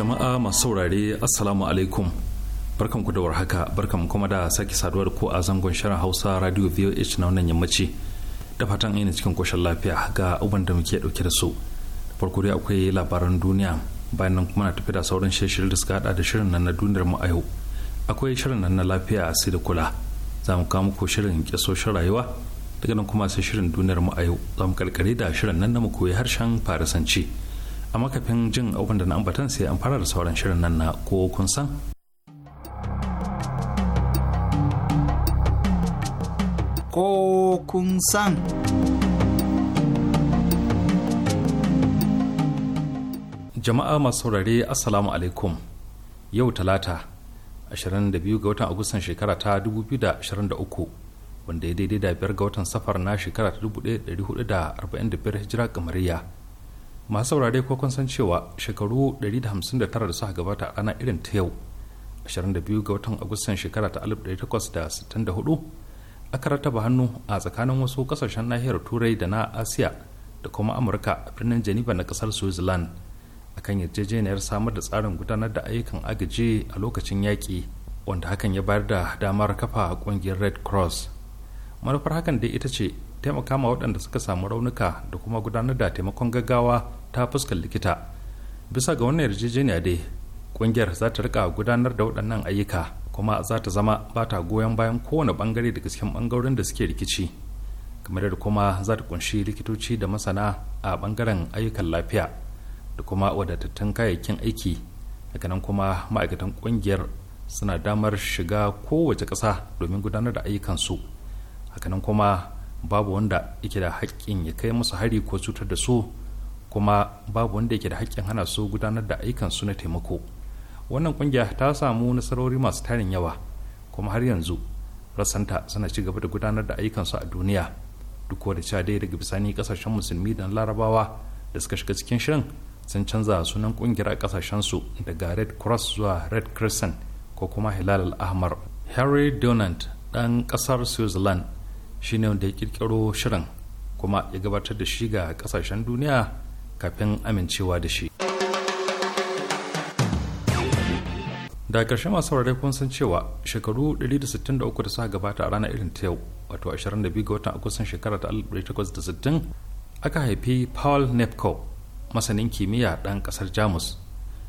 jama'a masu saurare assalamu alaikum barkan ku da warhaka barkan kuma da sake saduwa da ku a zangon shirin hausa radio voh na wannan yammaci da fatan ina cikin koshin lafiya ga uban da muke dauke da su farko dai akwai labaran duniya bayan nan kuma na tafi da sauran shirin da suka hada da shirin nan na duniyar mu a yau akwai shirin nan na lafiya sai da kula za mu kawo muku shirin kyasoshin rayuwa daga nan kuma sai shirin duniyar mu a yau za mu karkare da shirin nan na mu koyi harshen farisanci a makafin jin abin da na ambatan sai an fara da sauran shirin nan na ko kun san ko kun san jama'a masu saurare assalamu alaikum yau talata 22 ga watan agustan shekara ta 2023 wanda ya daidai da biyar ga watan safar na shekara ta 1445 hijira kamariya masu saurare ko kun san cewa shekaru 159 da suka gabata a ana irin ta yau 22 ga watan agustan shekara ta 1864 aka rataba hannu a tsakanin wasu kasashen nahiyar turai da na asiya da kuma amurka a birnin geneva na kasar switzerland akan yarjejeniyar samar da tsarin gudanar da ayyukan agaji a lokacin yaƙi wanda hakan ya bayar da damar kafa a ƙungiyar red cross manufar hakan dai ita ce taimaka ma waɗanda suka samu raunuka da kuma gudanar da taimakon gaggawa ta fuskar likita bisa ga wannan yarjejeniya dai ƙungiyar za ta rika gudanar da waɗannan ayyuka kuma za ta zama ba ta goyon bayan kowane bangare daga cikin bangaren da suke rikici kamar da kuma za ta kunshi likitoci da masana a ɓangaren ayyukan lafiya da kuma wadatattun kayayyakin aiki daga nan kuma ma'aikatan ƙungiyar suna damar shiga kowace ƙasa domin gudanar da ayyukansu hakanan kuma babu wanda yake da haƙƙin ya kai musu hari ko cutar da su kuma babu wanda yake da haƙƙin hana su gudanar da ayyukan su na taimako wannan kungiya ta samu nasarori masu tarin yawa kuma har yanzu rasanta suna ci gaba da gudanar da ayyukan su a duniya duk da cewa dai daga bisani kasashen musulmi da larabawa da suka shiga cikin shirin sun canza sunan kungiyar a kasashen su daga red cross zuwa red crescent ko kuma hilal al-ahmar harry donant dan kasar switzerland shine wanda ya kirkiro shirin kuma ya gabatar da shi ga kasashen duniya kafin amincewa da shi da ƙarshe masu saurare kun san cewa shekaru 163 da suka gabata a ranar irin ta yau wato 22 ga watan agustan shekara ta 1860 aka haifi paul nepko masanin kimiyya ɗan ƙasar jamus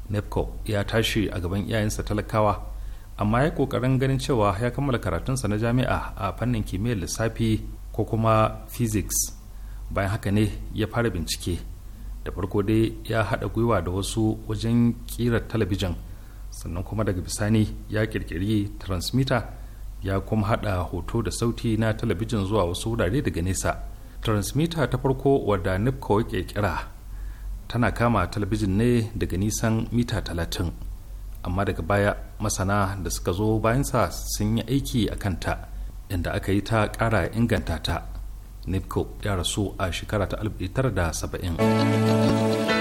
nepko ya tashi a gaban iyayensa talakawa amma ya kokarin ganin cewa ya kammala karatunsa na jami'a a fannin kimiyyar lissafi ko kuma physics bayan haka ne ya fara bincike da farko dai ya haɗa gwiwa da wasu wajen ƙirar talabijin sannan kuma daga bisani ya ƙirƙiri transmitter ya kuma haɗa hoto da sauti na talabijin zuwa wasu wurare daga nesa transmitter ta farko wadda nipkow ƙirƙira tana kama talabijin ne daga nisan mita talatin amma daga baya masana da suka zo bayansa sun yi aiki a kanta inda aka yi ta ƙara inganta ta nipco ya rasu a shekara ta 1970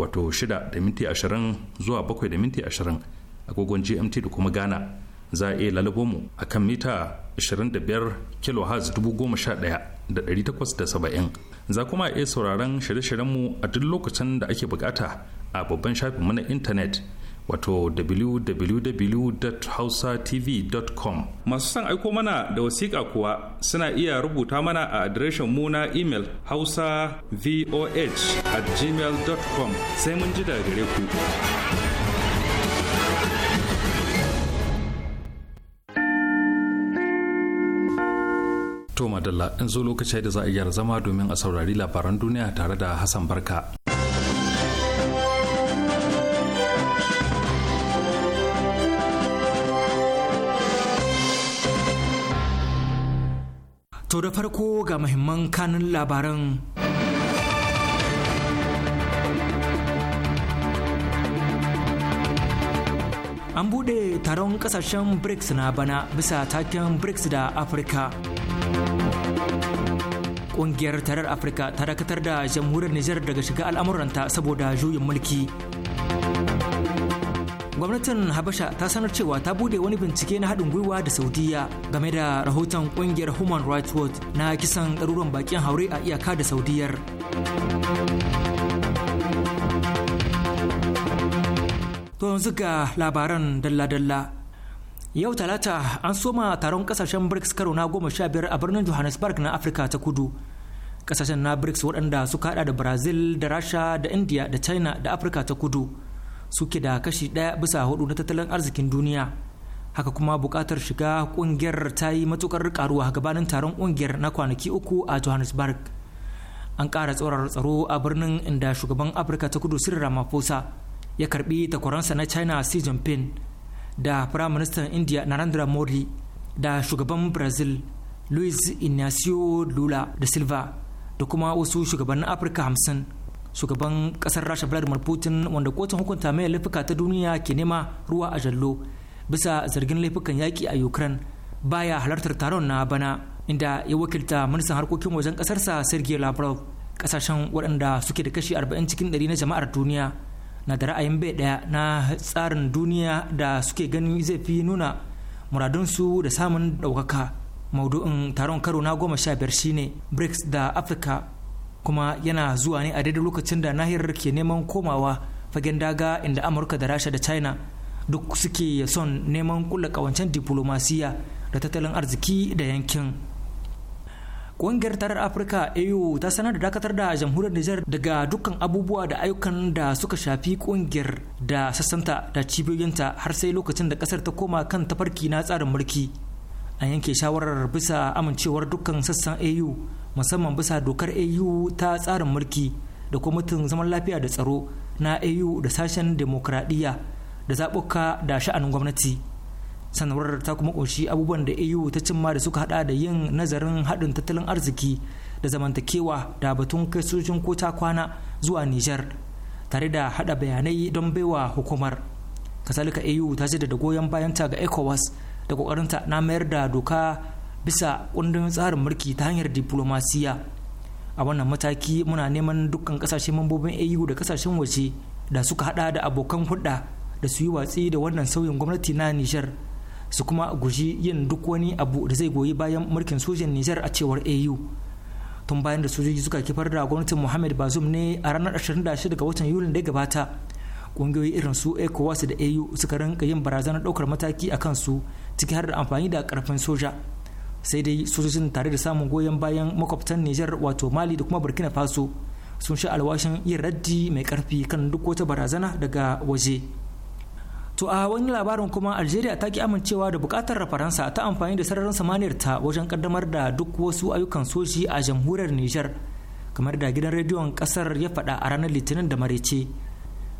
wato 6 da minti ashirin zuwa 7 da minti ashirin agogon gmt da kuma ghana za a iya lalabo mu a kan mita 25 kHz 11870 za kuma a iya sauraron shirye-shiryenmu a duk lokacin da ake bukata a babban shafinmu na intanet wato www.hausatv.com masu son aiko mana da wasiƙa kuwa suna iya rubuta mana a adireshin mu na imel hausa voh at gmail.com sai mun ji daga gare ku to madalla in zo lokaci da za a iya zama domin a saurari labaran duniya tare da hassan barka To da farko ga muhimman kanun labaran. An buɗe taron ƙasashen BRICS na bana bisa taken BRICS da Afirka. Ƙungiyar tarar Afirka ta dakatar da jamhuriyar Nijar daga shiga al'amuranta saboda juyin mulki gwamnatin habasha ta sanar cewa ta bude wani bincike na haɗin gwiwa da saudiya game da rahoton ƙungiyar human rights watch na kisan ɗaruran bakin haure a iyaka da saudiyar to yanzu ga labaran dalla-dalla yau talata an soma taron kasashen brics karo na goma sha biyar a birnin johannesburg na afirka ta kudu kasashen na brics waɗanda suka hada da brazil da rasha da india da china da afirka ta kudu suke da kashi ɗaya bisa hudu na tattalin arzikin duniya haka kuma buƙatar shiga ƙungiyar ta yi matuƙar ƙaruwa gabanin taron ƙungiyar na kwanaki uku a johannesburg an ƙara tsoron tsaro a birnin inda shugaban afirka ta kudu sirri ramaphosa ya karbi takwaransa na china xi jinping da firaministan india narendra modi da shugaban brazil luis inacio lula da silva da kuma wasu shugabannin afirka hamsin shugaban kasar rasha vladimir putin wanda kotun hukunta mai laifuka ta duniya ke nema ruwa a jallo bisa zargin laifukan yaki a ukraine baya halartar taron na bana inda ya wakilta ministan harkokin wajen kasarsa sergei lavrov kasashen waɗanda suke da kashi 40 cikin 100 na jama'ar duniya na da ra'ayin bai ɗaya na tsarin duniya da suke ganin zai fi nuna muradunsu da samun ɗaukaka maudu'in taron karo na goma sha biyar shine brics da afirka kuma yana zuwa ne a daidai lokacin da nahiyar ke neman komawa fagen daga inda amurka da rasha da china duk suke son neman kula kawancen diplomasiya da tattalin arziki da yankin ƙungiyar tarar afirka au ta sanar da dakatar da jamhuriyar niger daga dukkan abubuwa da ayyukan da suka shafi ƙungiyar da sassanta da cibiyoyinta har sai lokacin da ƙasar ta koma kan tafarki na tsarin mulki a yanke shawarar bisa amincewar dukkan sassan au musamman bisa dokar au ta tsarin mulki da kwamitin zaman lafiya da tsaro na au da sashen demokradiyya da zaɓuka da sha'anin gwamnati sanarwar ta kuma ƙunshi abubuwan da au ta cimma da suka hada da yin nazarin haɗin tattalin arziki da zamantakewa da batun kai sojin ko ta kwana zuwa niger tare da hada bayanai don baiwa hukumar kasalika au ta da goyon bayanta ga ecowas da kokarinta na mayar da doka bisa kundin tsarin mulki ta hanyar diplomasiya a wannan mataki muna neman dukkan kasashen mambobin au da kasashen waje da suka hada da abokan hulɗa da su yi watsi da wannan sauyin gwamnati na nijar su kuma guji yin duk wani abu da zai goyi bayan mulkin sojan nijar a cewar au tun bayan da sojoji suka kifar da gwamnatin muhammad bazum ne a ranar 26 ga watan yulin da ya gabata kungiyoyi irin su ecowas da au suka rinka yin barazanar daukar mataki a kansu ciki har da amfani da karfin soja sai dai sojojin tare da samun goyon bayan makwabtan nijar wato mali da kuma burkina faso sun sha alwashin yin raddi mai karfi kan duk wata barazana daga waje to a wani labarin kuma algeria ta ki amincewa da bukatar faransa ta amfani da sararin samaniyar ta wajen kaddamar da duk wasu ayyukan soji a jamhuriyar nijar kamar da gidan rediyon kasar ya faɗa a ranar litinin da marece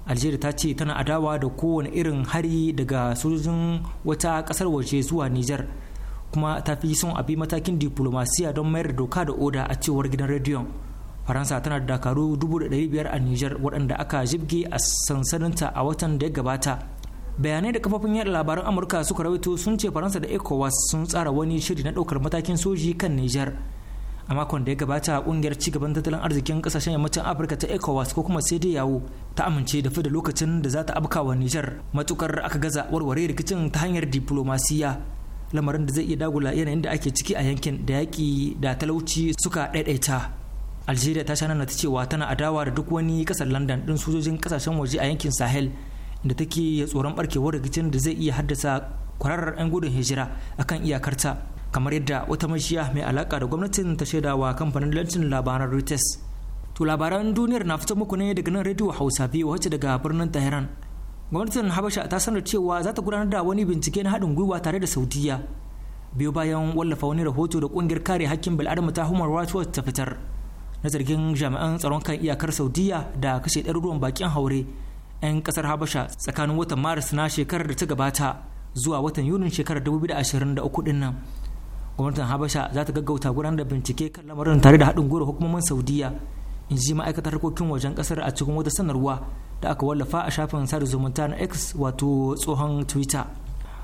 algeria ta ce tana adawa da kowane irin hari daga sojojin wata kasar waje zuwa nijar kuma ta fi son a bi matakin diplomasiya don mayar da doka da oda a cewar gidan rediyon faransa tana da dakaru 500,000 a niger waɗanda aka jibge a sansaninta a watan da ya gabata bayanai da kafafin yada labaran amurka suka rawaito sun ce faransa da ecowas sun tsara wani shiri na ɗaukar matakin soji kan niger a makon da ya gabata ƙungiyar ci gaban tattalin arzikin kasashen yammacin afirka ta ecowas ko kuma sai yawo ta amince da da lokacin da za ta abkawa niger matukar aka gaza warware rikicin ta hanyar diplomasiya lamarin da zai iya dagula yanayin da ake ciki a yankin da yaƙi da talauci suka ɗaiɗaita algeria ta shanar ta cewa tana adawa da duk wani ƙasar london ɗin sojojin ƙasashen waje a yankin sahel da take tsoron barkewar rikicin da zai iya haddasa kwararar 'yan gudun hijira akan iyakarta kamar yadda wata mashiya mai alaka da gwamnatin ta shaidawa kamfanin lantin labaran reuters to labaran duniyar na fito muku ne daga nan rediyo hausa biyu wacce daga birnin tehran gwamnatin habasha ta sanar cewa za ta gudanar da wani bincike na haɗin gwiwa tare da saudiya biyo bayan wallafa wani rahoto da ƙungiyar kare hakkin bil'adama ta human rights watch ta fitar na zargin jami'an tsaron kan iyakar saudiya da kashe ɗaruruwan bakin haure 'yan ƙasar habasha tsakanin watan maris na shekarar da ta gabata zuwa watan yunin shekarar 2023 din nan gwamnatin habasha za ta gaggauta gudanar da bincike kan lamarin tare da haɗin gwiwar hukumomin saudiya in ji ma'aikatar harkokin wajen ƙasar a cikin wata sanarwa da aka wallafa a shafin sada zumunta na x wato tsohon twitter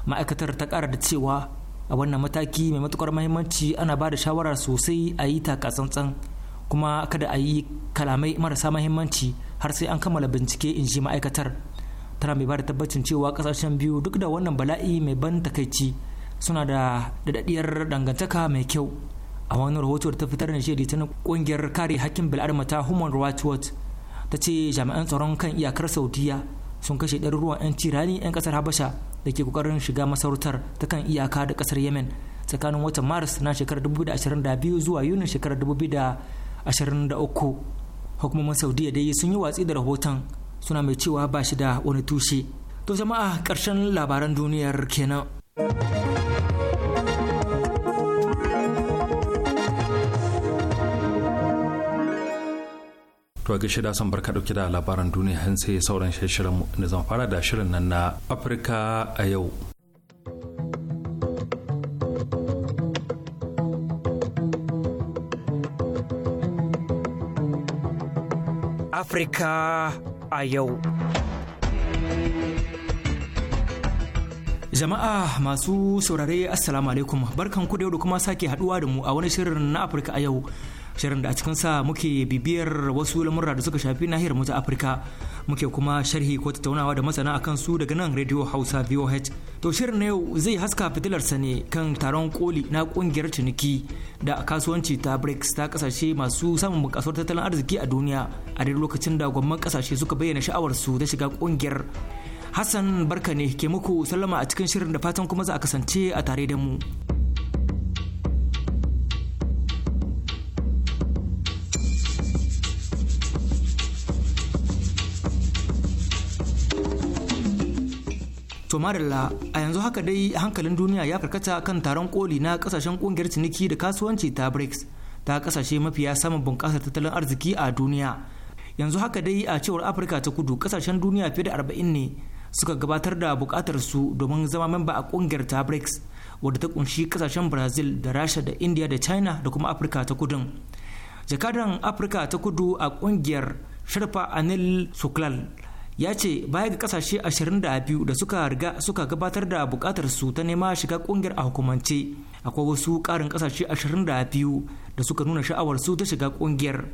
ma'aikatar ta kara da cewa a wannan mataki mai matukar mahimmanci ana ba da shawara sosai a yi takatsantsan kuma kada a yi kalamai marasa mahimmanci har sai an kammala bincike in ji ma'aikatar tana mai ba da tabbacin cewa kasashen biyu duk da wannan bala'i mai ban takaici suna da daɗaɗɗiyar dangantaka mai kyau a wani rahoto da ta fitar da shi litinin ƙungiyar kare hakkin bil'adama ta human rights watch ta ce jami'an tsaron kan iyakar saudiya sun kashe ɗaruruwan 'yan tirani 'yan ƙasar habasha da ke ƙoƙarin shiga masarautar ta kan iyaka da ƙasar yemen tsakanin watan maris na shekarar 2022 zuwa yunin shekarar 2023 hukumomin saudiya dai sun yi watsi da rahoton suna mai cewa ba shi da wani tushe to jama'a ƙarshen labaran duniyar kenan To a gaishe da son barka dauke da labaran duniya har sai sauran shirin da zan fara da shirin nan na Afirka a yau. Afirka a yau. Jama'a masu saurare Assalamu alaikum barkan ku da yau da kuma sake haduwa da mu a wani shirin na Afirka a yau. shirin da a cikin sa muke bibiyar wasu lamurra da suka shafi nahiyar mu ta Afirka muke kuma sharhi ko tattaunawa da masana akan su daga nan Radio Hausa VOH to shirin na yau zai haska fitilar sa ne kan taron koli na kungiyar ciniki da kasuwanci ta BRICS ta kasashe masu samun bukasar tattalin arziki a duniya a duk lokacin da gwamnatin kasashe suka bayyana sha'awar su ta shiga kungiyar Hassan barka ne ke muku sallama a cikin shirin da fatan kuma za a kasance a tare da mu. To Marilla, a yanzu haka dai hankalin duniya ya karkata kan taron koli na kasashen kungiyar ciniki da kasuwanci ta BRICS ta kasashe mafiya samun bunƙasar tattalin arziki a duniya. Yanzu haka dai a cewar Afirka ta kudu kasashen duniya fiye da arba'in ne suka gabatar da bukatar su domin zama memba a kungiyar ta BRICS wadda ta kunshi kasashen Brazil da Rasha da India da China da kuma Afirka ta kudu Jakadan Afirka ta kudu a kungiyar Sharfa Anil Suklal ya ce baya ga kasashe 22 da suka riga suka gabatar da bukatar su ta nema shiga kungiyar a hukumance akwai wasu karin kasashe 22 da suka nuna sha'awar su ta shiga kungiyar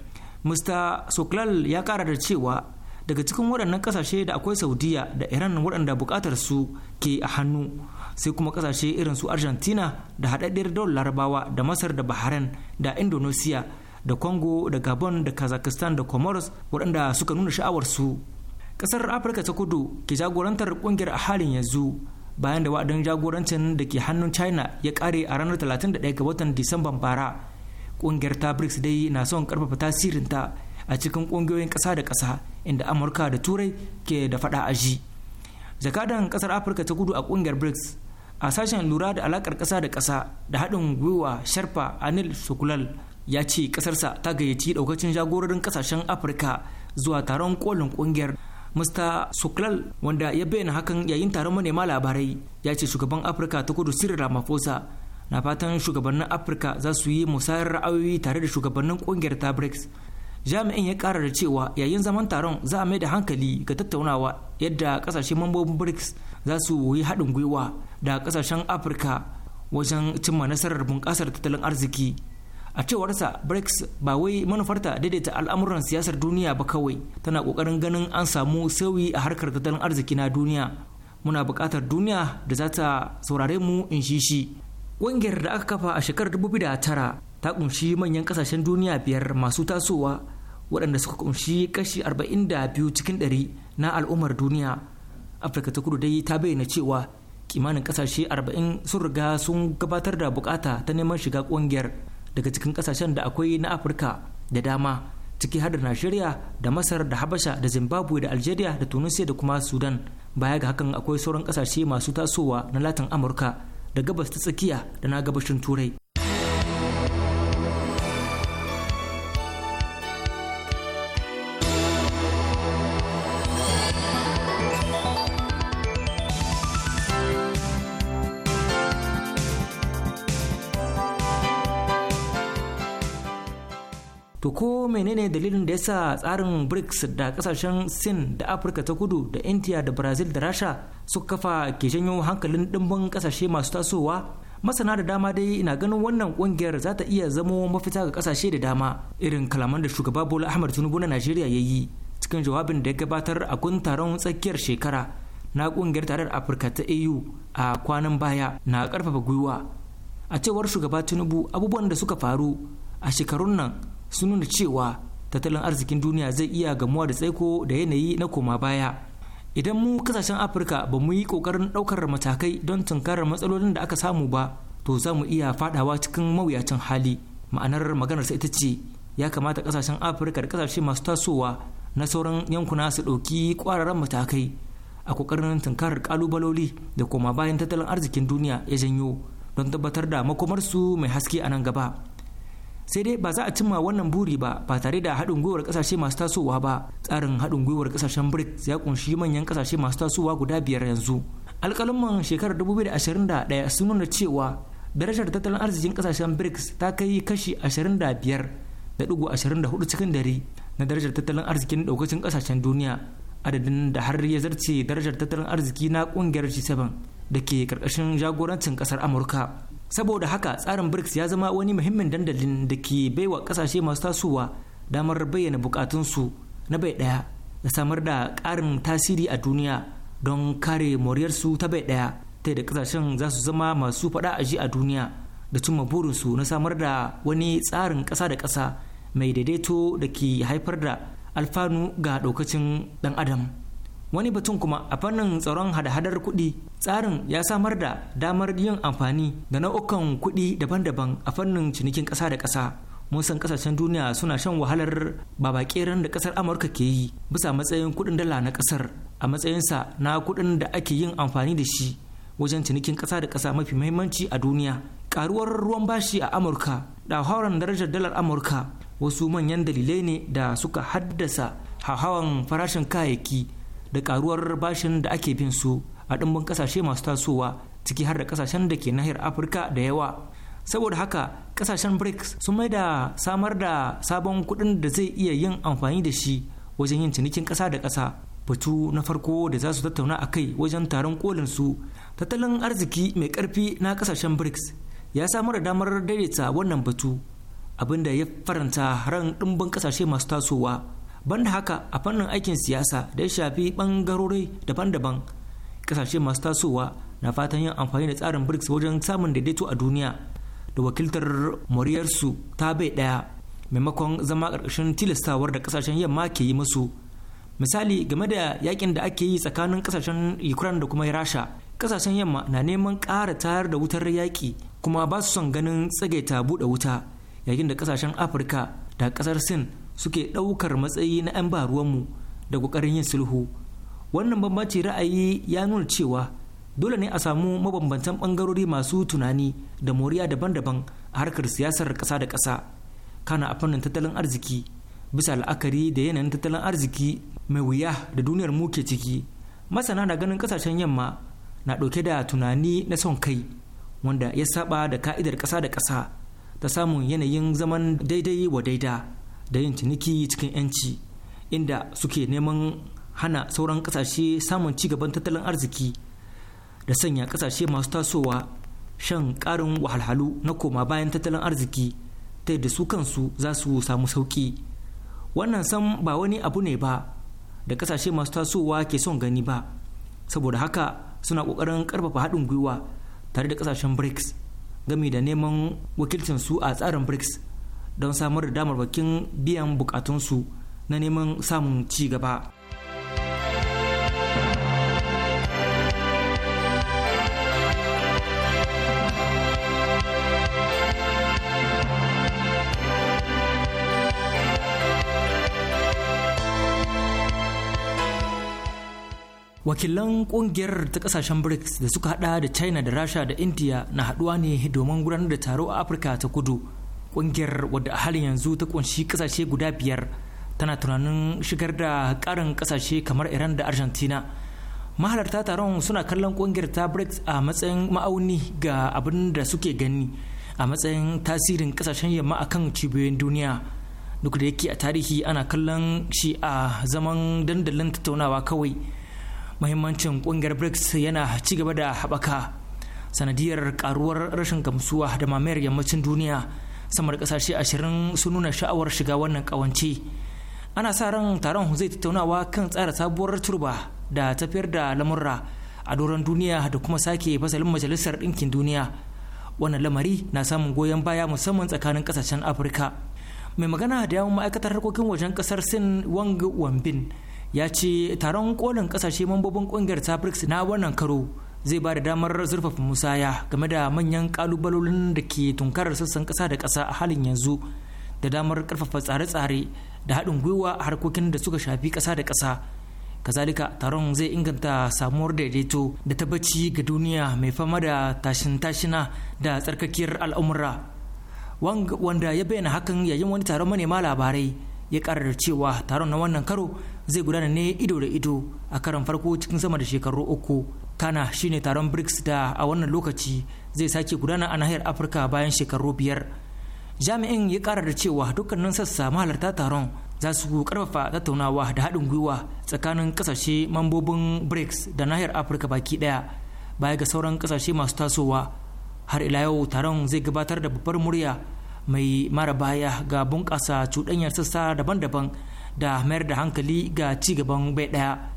mr soklal ya kara da cewa daga cikin waɗannan kasashe da akwai saudiya da iran waɗanda bukatar su ke a hannu sai kuma kasashe irin su argentina da haɗaɗɗiyar daular larabawa da masar da bahrain da indonesia da congo da gabon da kazakhstan da comoros waɗanda suka nuna sha'awar su kasar afirka ta kudu ke jagorantar kungiyar a halin yanzu bayan da wa'adin jagorancin da ke hannun china ya kare a ranar 31 ga watan disamba bara kungiyar ta brics dai na son karfafa tasirinta a cikin kungiyoyin kasa da kasa inda amurka da turai ke da fada a ji jakadan kasar afirka ta kudu a kungiyar brics a sashen lura da alakar kasa da kasa da haɗin gwiwa sharfa anil sukulal ya ce kasarsa ta gayyaci daukacin jagororin kasashen afirka zuwa taron kolin kungiyar Mr. Suklal wanda ya bayyana hakan yayin taron manema labarai ya ce shugaban Afirka ta kudu Cyril Ramaphosa na fatan shugabannin Afirka za su yi musayar ra'ayoyi tare da shugabannin kungiyar ta BRICS. Jami'in ya kara da cewa yayin zaman taron za a mai da hankali ga tattaunawa yadda kasashen mambobin BRICS za su yi haɗin gwiwa da kasashen Afirka wajen cimma nasarar bunƙasar tattalin arziki. a cewarsa brics ba wai manufarta daidaita al'amuran siyasar duniya ba kawai tana kokarin ganin an samu sauyi a harkar tattalin arziki na duniya muna bukatar duniya da za ta saurare mu in shi shi ƙungiyar da aka kafa a shekarar 2009 ta kunshi manyan ƙasashen duniya biyar masu tasowa waɗanda suka kunshi kashi 42 cikin 100 na al'ummar duniya afirka ta kudu dai ta bayyana cewa kimanin ƙasashe 40 sun riga sun gabatar da bukata ta neman shiga ƙungiyar daga cikin kasashen da akwai na afirka da dama ciki har da najeriya da masar da habasha da zimbabwe da algeria da tunisia da kuma sudan baya ga hakan akwai sauran kasashe masu tasowa na latin amurka da gabas ta tsakiya da na gabashin turai menene dalilin da yasa tsarin BRICS da kasashen Sin da Afirka ta kudu da India da Brazil da Rasha suka kafa ke janyo hankalin dimbin kasashe masu tasowa? Masana da dama dai ina ganin wannan kungiyar za ta iya zamo mafita ga kasashe da dama irin kalaman da shugaba Bola Ahmed Tinubu na Najeriya ya yi cikin jawabin da ya gabatar a kun taron tsakiyar shekara na kungiyar tarar Afirka ta AU a kwanan baya na karfafa gwiwa. A cewar shugaba Tinubu abubuwan da suka faru a shekarun nan sun nuna cewa tattalin arzikin duniya zai iya gamuwa da tsaiko da yanayi na koma baya idan mu kasashen afirka ba mu yi kokarin ɗaukar matakai don tunkarar matsalolin da aka samu ba to za mu iya faɗawa cikin mawuyacin hali ma'anar maganar sa ita ce ya kamata kasashen afirka da kasashe masu tasowa na sauran yankuna su ɗauki ƙwararren matakai a kokarin tunkarar ƙalubaloli da koma bayan tattalin arzikin duniya ya janyo don tabbatar da makomarsu mai haske a nan gaba sai dai ba za a cimma wannan buri ba ba tare da haɗin gwiwar ƙasashe masu tasowa ba tsarin haɗin gwiwar ƙasashen brics ya kunshi manyan ƙasashe masu tasowa guda biyar yanzu alƙalumman shekarar 2021 sun nuna cewa darajar tattalin arzikin ƙasashen brics ta kai kashi 25.24 cikin dari na darajar tattalin arzikin ɗaukacin ƙasashen duniya adadin da har ya zarce darajar tattalin arziki na ƙungiyar g7 da ke ƙarƙashin jagorancin ƙasar amurka saboda haka tsarin brics ya zama wani muhimmin dandalin da ke baiwa kasashe masu tasowa damar bayyana bukatunsu na bai daya da samar da karin tasiri a duniya don kare moriyarsu ta bai daya ta da kasashen za su zama masu faɗa aji a duniya da cimma burinsu na samar da wani tsarin kasa da kasa mai daidaito da ke haifar da alfanu ga daukacin dan adam. wani batun kuma a fannin tsaron hada-hadar kuɗi tsarin ya samar da damar yin amfani da nau'ukan kuɗi daban-daban a fannin cinikin ƙasa da ƙasa mun san ƙasashen duniya suna shan wahalar babakeren da ƙasar amurka ke yi bisa matsayin kuɗin dala na ƙasar a matsayinsa na kuɗin da ake yin amfani da shi wajen cinikin ƙasa da ƙasa mafi mahimmanci a duniya ƙaruwar ruwan bashi a amurka da hauren darajar dalar amurka wasu manyan dalilai ne da suka haddasa hauhawan farashin kayayyaki da karuwar bashin da ake bin su a ɗimbin ƙasashe masu tasowa ciki har da ƙasashen da ke nahiyar afirka da yawa saboda haka ƙasashen brics sun mai da samar da sabon kuɗin da zai iya yin amfani da shi wajen yin cinikin ƙasa da ƙasa batu na farko da za su tattauna a kai wajen taron kolin su tattalin arziki mai ƙarfi na ƙasashen brics ya samar da damar daidaita wannan batu abinda ya faranta ran ɗimbin ƙasashe masu tasowa banda haka a fannin aikin siyasa da ya shafi bangarori daban-daban kasashe masu tasowa na fatan yin amfani da tsarin brics wajen samun daidaito a duniya da wakiltar moriyarsu ta bai daya maimakon zama ƙarƙashin tilastawar da kasashen yamma ke yi musu misali game da yakin da ake yi tsakanin kasashen ukraine da kuma rasha kasashen yamma na neman ƙara tayar da wutar yaƙi kuma ba su son ganin tsagaita buɗe wuta yayin da kasashen afirka da ƙasar sin suke ɗaukar matsayi na 'yan baruwanmu da ƙoƙarin yin sulhu wannan bambanci ra'ayi ya nuna cewa dole ne a samu mabambantan ɓangarori masu tunani da moriya daban-daban a harkar siyasar ƙasa da ƙasa kana a fannin tattalin arziki bisa la'akari da yanayin tattalin arziki mai wuya da duniyar mu ke ciki masana na ganin ƙasashen yamma na ɗauke da tunani na son kai wanda ya saba da ka'idar ƙasa da ƙasa ta samun yanayin zaman daidai wa daida da yin ciniki cikin 'yanci inda suke neman hana sauran kasashe samun ci gaban tattalin arziki da sanya kasashe masu tasowa shan karin wahalhalu na koma bayan tattalin arziki ta yadda su kansu za su samu sauƙi wannan san ba wani abu ne ba da kasashe masu tasowa ke son gani ba saboda haka suna ƙoƙarin ƙarfafa haɗin gwiwa tare da kasashen brics gami da neman wakilcinsu a tsarin brics don samar da damar bakin biyan bukatunsu na neman samun ci gaba wakilan kungiyar ta kasashen brics da suka hada da china da rasha da india na haduwa ne domin gudanar da taro a afirka ta kudu kungiyar wadda a halin yanzu ta kunshi kasashe guda biyar tana tunanin shigar da karin kasashe kamar iran da argentina mahalarta taron suna kallon kungiyar ta brics a matsayin ma'auni ga abin da suke gani a matsayin tasirin kasashen yamma akan cibiyoyin duniya duk da yake a tarihi ana kallon shi a zaman dandalin tattaunawa kawai mahimmancin kungiyar brics yana ci gaba da haɓaka sanadiyar karuwar rashin gamsuwa da mamayar yammacin duniya samar kasashe ashirin sun nuna sha'awar shiga wannan kawance ana sa ran taron zai tattaunawa kan tsara sabuwar turba da tafiyar da lamurra a doron duniya da kuma sake fasalin majalisar ɗinkin duniya wannan lamari na samun goyon baya musamman tsakanin kasashen afirka mai magana da yawon ma'aikatar harkokin wajen kasar sin wang wambin ya ce taron kolin kasashe mambobin kungiyar ta na wannan karo zai ba da damar zurfafa musaya game da manyan kalubalolin da ke tunkarar sassan kasa da kasa a halin yanzu da damar karfafa tsare-tsare da haɗin gwiwa a harkokin da suka shafi kasa da kasa kazalika taron zai inganta samuwar daidaito da tabbaci ga duniya mai fama da tashin-tashina da tsarkakiyar al'umura wanda ya bayyana hakan yayin wani taron manema labarai ya karar cewa taron na wannan karo zai gudana ne ido da ido a karon farko cikin sama da shekaru uku kana shine taron brics da a wannan lokaci zai sake gudana a nahiyar afirka bayan shekaru biyar jami'in ya kara da cewa dukkanin sassa mahalarta taron za su karfafa tattaunawa da haɗin gwiwa tsakanin ƙasashe mambobin brics da nahiyar afirka baki ɗaya baya ga sauran ƙasashe masu tasowa har ila yau taron zai gabatar da babbar murya mai mara baya ga bunƙasa cuɗanyar sassa daban-daban da mayar da hankali ga ci gaban bai ɗaya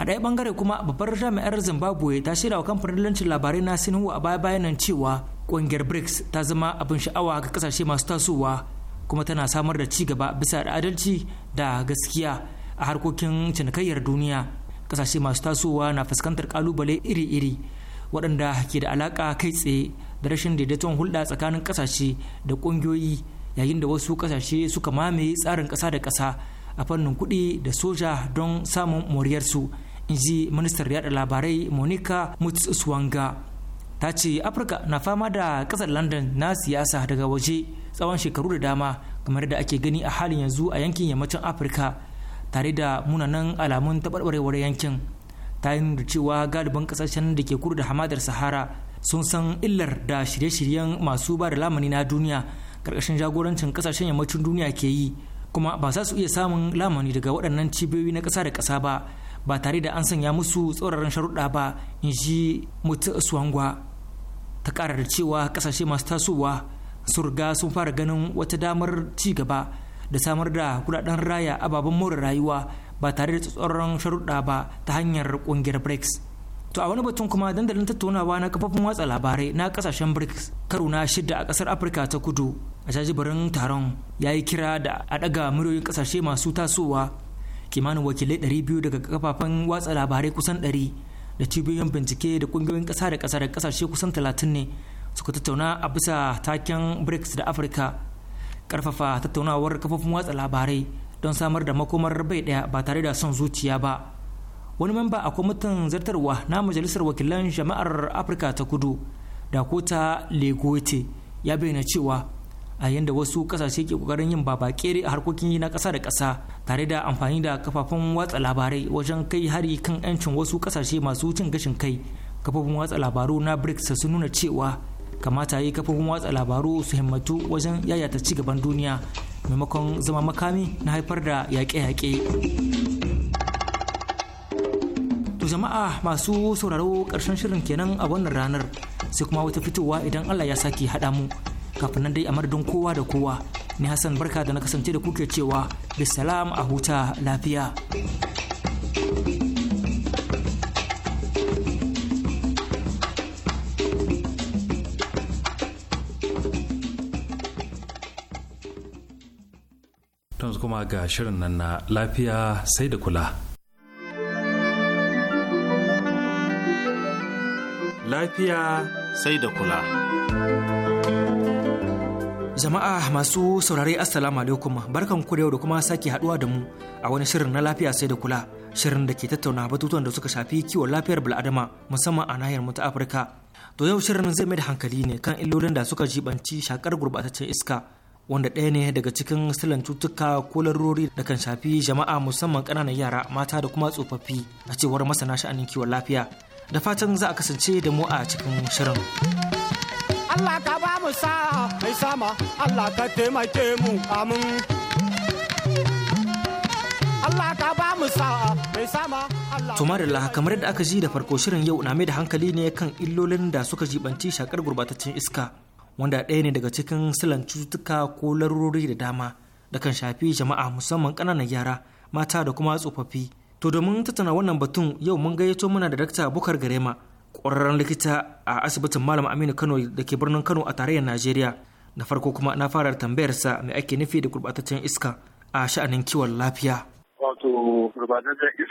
a ɗaya bangare kuma babbar jami'ar zimbabwe ta shirya wa kamfanin lancin labarai na sinhuwa a baya-bayan nan cewa ƙungiyar brics ta zama abin sha'awa ga ƙasashe masu tasowa kuma tana samar da ci gaba bisa da adalci da gaskiya a harkokin cinikayyar duniya ƙasashe masu tasowa na fuskantar kalubale iri-iri waɗanda ke da alaƙa kai tsaye da rashin daidaiton hulɗa tsakanin ƙasashe da ƙungiyoyi yayin da wasu ƙasashe suka mamaye tsarin ƙasa da ƙasa a fannin kuɗi da soja don samun moriyarsu inji ministar yada labarai monica mutsuwanga ta ce afirka na fama da kasar london na siyasa daga waje tsawon shekaru da dama kamar da ake gani a halin yanzu a yankin yammacin afirka tare da munanan alamun taɓarɓarewar yankin ta yi da cewa galibin kasashen da ke kudu da hamadar sahara sun san illar da shirye-shiryen masu ba da lamani na duniya ƙarƙashin jagorancin ƙasashen yammacin duniya ke yi kuma ba za su iya samun lamani daga waɗannan cibiyoyi na ƙasa da ƙasa ba ba tare da an sanya musu tsoron sharuɗa ba in ji mutu suwangwa ta ƙara da cewa ƙasashe masu tasowa sun riga sun fara ganin wata damar ci gaba da samar da kudaden raya ababen more rayuwa ba tare da tsoron sharuɗa ba ta hanyar ƙungiyar brics to a wani batun kuma dandalin tattaunawa na kafofin watsa labarai na kasashen brics karo na shida a kasar afirka ta kudu a jajibirin taron ya yi kira da a ɗaga miliyoyin kasashe masu tasowa kimanin wakilai biyu daga kafafen watsa labarai kusan 100 da cibiyoyin bincike da kungiyoyin ƙasa da ƙasa da ƙasashe kusan talatin ne suka tattauna a bisa taken brics da afirka karfafa tattaunawar kafofin watsa labarai don samar da makomar bai ɗaya ba tare da son zuciya ba wani mamba a kwamitin zartarwa na majalisar wakilan jama'ar afirka ta kudu da kota legote ya bayyana cewa a yadda wasu kasashe ke kokarin yin kere a harkokin yi na ƙasa da kasa tare da amfani da kafafen watsa labarai wajen kai hari kan 'yancin wasu kasashe masu cin gashin kai kafofin watsa labaru na brics sun nuna cewa kamata yi kafofin watsa labaru su himmatu wajen yayata ci gaban duniya maimakon zama makami na haifar da yaƙe-yaƙe. To jama'a masu sauraro ƙarshen shirin kenan a wannan ranar sai kuma wata fitowa idan Allah ya sake haɗa mu kafin nan dai a madadin kowa da kowa ni hassan barka da na kasance da kuke cewa da salam a huta lafiya yanzu kuma ga shirin nan na lafiya sai da kula lafiya sai da kula. Jama'a masu saurare Assalamu alaikum barkan ku da yau da kuma sake haduwa da mu a wani shirin na lafiya sai da kula. Shirin da ke tattauna batutuwan da suka shafi kiwon lafiyar bil'adama musamman a nahiyar mu ta Afirka. To yau shirin zai mai da hankali ne kan illolin da suka jibanci shakar gurbataccen iska wanda ɗaya ne daga cikin silan cutuka ko larurori da kan shafi jama'a musamman ƙananan yara mata da kuma tsofaffi a cewar masana sha'anin kiwon lafiya da fatan za a kasance da mu a cikin shirin. Allah ka ba mu sa'a mai sama Allah ka taimake mu amin. Allah ka ba mu sa'a mai sama To kamar yadda aka ji da farko shirin yau na mai da hankali ne kan illolin da suka jibanci shakar gurbataccen iska wanda ɗaya ne daga cikin silan cututtuka ko larurori da dama da kan shafi jama'a musamman ƙananan yara mata da kuma tsofaffi To domin tattauna wannan batun yau mun gayyato mana da Dakta Bukar Garema, ƙwararren likita a asibitin Malam Aminu Kano da ke birnin Kano a tarayyar Najeriya. na farko kuma na fara tambayarsa mai ake nufi da gurɓataccen iska a sha'anin kiwon lafiya.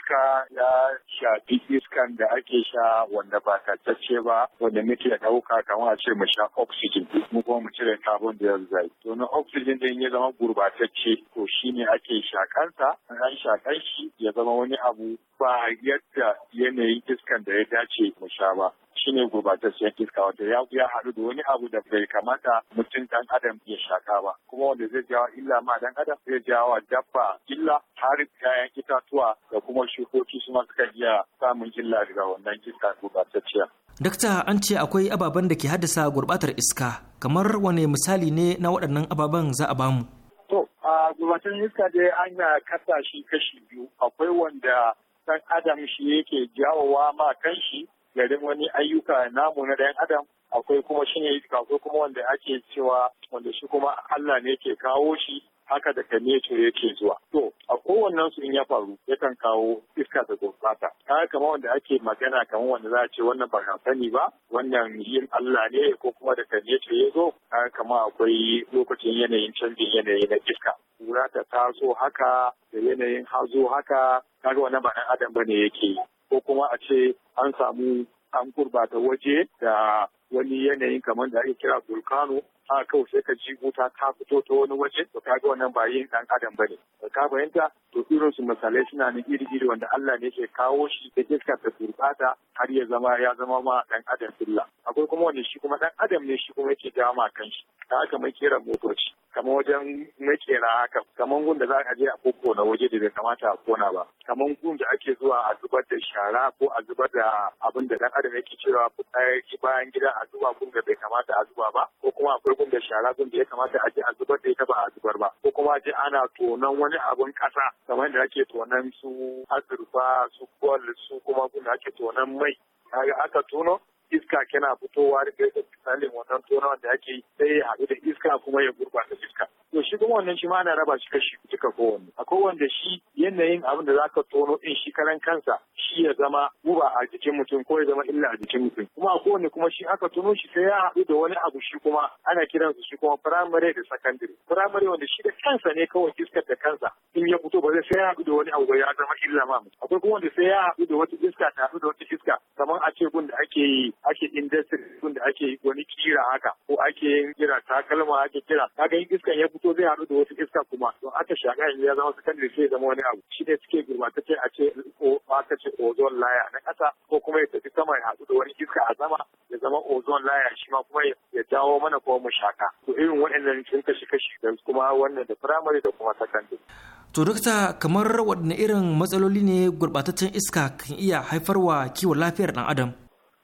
iska ya shafi iskan da ake sha wanda ba tattace ba wanda muke ɗauka kamar a ce mu sha oxygen mu kuma mu cire carbon dioxide to na oxygen din ya zama gurbatacce to ne ake shakansa an shakan shi ya zama wani abu ba yadda yanayin iskan da ya dace mu sha ba ne gurbatacciyar iska wanda ya ya haɗu da wani abu da bai kamata mutum dan adam ya shaka ba kuma wanda zai jawo illa ma dan adam zai jawo dabba illa har kayan itatuwa da kuma shukoki su ma suka iya samun illa daga wannan iska gurbatacciya. Dakta an ce akwai ababen da ke haddasa gurbatar iska kamar wane misali ne na waɗannan ababen za a bamu. To, a gurbatar iska dai ana kasa shi kashi biyu akwai wanda ɗan adam shi yake jawowa ma kanshi garin wani ayyuka namu na ɗayan adam akwai kuma shi ne kaso kuma wanda ake cewa wanda shi kuma Allah ne ke kawo shi haka daga neto yake zuwa. To, a kowanne su in ya faru yakan kawo iska da gurbata. Kaga kamar wanda ake magana kamar wanda za a ce wannan ba sani ba, wannan yin Allah ne ko kuma daga neto ya zo, kaga kamar akwai lokacin yanayin canjin yanayi na iska. Kura ta taso haka da yanayin hazo haka, kaga wannan ba ɗan adam ba ne yake yi. ko kuma a ce an samu an gurbata waje da wani yanayin kamar da ake kira volcano haka kawai sai ka ji wuta ta fito ta wani waje to kaga wannan ba yin dan adam bane ka bayanta to irin su misalai suna nan iri iri wanda Allah ne ke kawo shi da iska ta turbata har ya zama ya zama ma dan adam illa akwai kuma wanda shi kuma dan adam ne shi kuma yake dama kanshi ta haka mai kera motoci kamar wajen makera haka kamar gun da za a je a koko na waje da bai kamata a kona ba kamar gun da ake zuwa a zubar da shara ko a zubar da abin da dan adam yake cewa fitsari bayan gida a zuba gun da bai kamata a zuba ba ko kuma akwai abin da shara gun da ya kamata a je a zubar da ita ba a zubar ba ko kuma je ana tonon wani abun kasa kamar yadda ake tonon su azurfa su gwal su kuma gun da ake tonon mai kaga aka tono iska kena fitowa da kai misalin wannan tona da ake yi sai ya haɗu da iska kuma ya gurɓata iska to shi kuma wannan shi ma ana raba shi kashi duka kowanne A wanda shi yanayin abin da za ka tono ɗin shi karan kansa shi ya zama guba a jikin mutum ko ya zama illa a jikin mutum kuma a kowanne kuma shi aka tono shi sai ya haɗu da wani abu shi kuma ana kiransu shi kuma firamare da sakandare firamare wanda shi da kansa ne kawai iskar da kansa in ya fito ba zai sai ya haɗu da wani abu ba ya zama illa ma akwai kuma wanda sai ya haɗu da wata iska ta haɗu da wata iska kamar a ce gun da ake yi ake industry da ake wani kira haka ko ake yin kira takalma ake kira kaga in iskan ya fito zai haɗu da wasu iska kuma don aka shaka yanzu ya zama sakandare sai zama wani abu shi ne suke gurbatacce a ce ko aka ce ozone layer na ƙasa ko kuma ya tafi sama ya haɗu da wani iska a sama ya zama ozone layer shi ma kuma ya jawo mana kuma mu shaka to irin waɗannan sun kashi kashi da kuma wannan da primary da kuma secondary To dokta kamar waɗanne irin matsaloli ne gurɓataccen iska kan iya haifarwa kiwon lafiyar ɗan adam?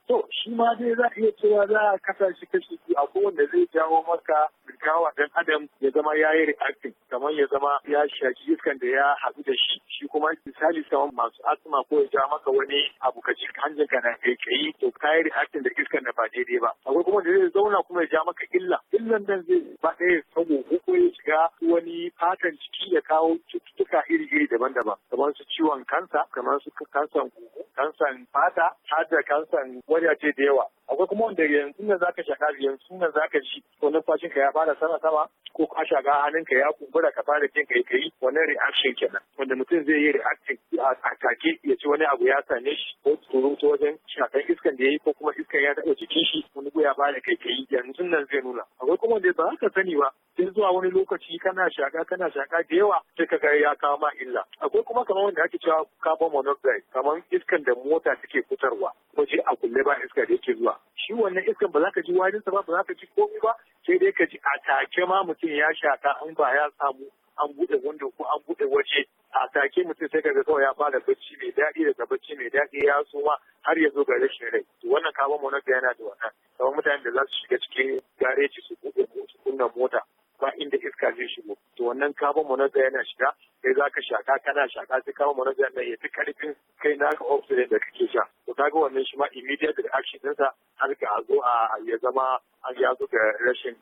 To shi ma dai za a iya cewa za a kasa shi kashi a kowanne zai jawo maka gawa dan adam ya zama ya yi reacting kamar ya zama ya shaki iskan da ya haɗu da shi shi kuma misali saman masu asma ko ya ja maka wani abu ka ji hanjin ka na kai to ka yi reacting da iskan da ba daidai ba akwai kuma da zai zauna kuma ya ja maka illa illan nan zai ba ɗaya sabo ko ya shiga wani fatan ciki ya kawo cututtuka iri-iri daban-daban kamar su ciwon kansa kamar su kansan huhu kansan fata har da kansan olha ce da akwai kuma wanda yanzu nan zaka shaka yanzu nan zaka ji ko numfashin ka ya fara sama sama ko ka shaka hannun ka ya kumbura ka fara jin kai kai wannan reaction kenan wanda mutum zai yi reaction a take ya ci wani abu ya same shi ko tsoro ta wajen shakan iskan da ya yi ko kuma iskan ya taɓa jikin shi wani ya fara kai kai yanzu nan zai nuna akwai kuma wanda ba ka sani ba sai zuwa wani lokaci kana shaka kana shaka da yawa sai ka ga ya kawo ma illa akwai kuma kamar wanda ake cewa carbon monoxide kamar iskan da mota take fitarwa Ko waje a kulle ba iska da yake zuwa shi wannan iskan ba za ka ji warinsa ba ba za ka ji komi ba sai dai ka ji a take ma mutum ya shaka an ba ya samu an bude wando ko an bude waje a take mutum sai kaga kawai ya fara bacci mai daɗi daga bacci mai daɗi ya suma har ya zo ga rashin rai to wannan mu monoga yana da wannan kamar mutanen da za su shiga cikin gareji su buɗe su kunna mota ba inda iska zai shigo to wannan carbon monoxide yana shiga sai za ka shaka kana shaka sai carbon monoxide nan ya fi karfin kai ka oxygen da kake sha ga wannan shi ma immediate reaction ɗinsa har ga a zo a ya zama an ya zo ga rashin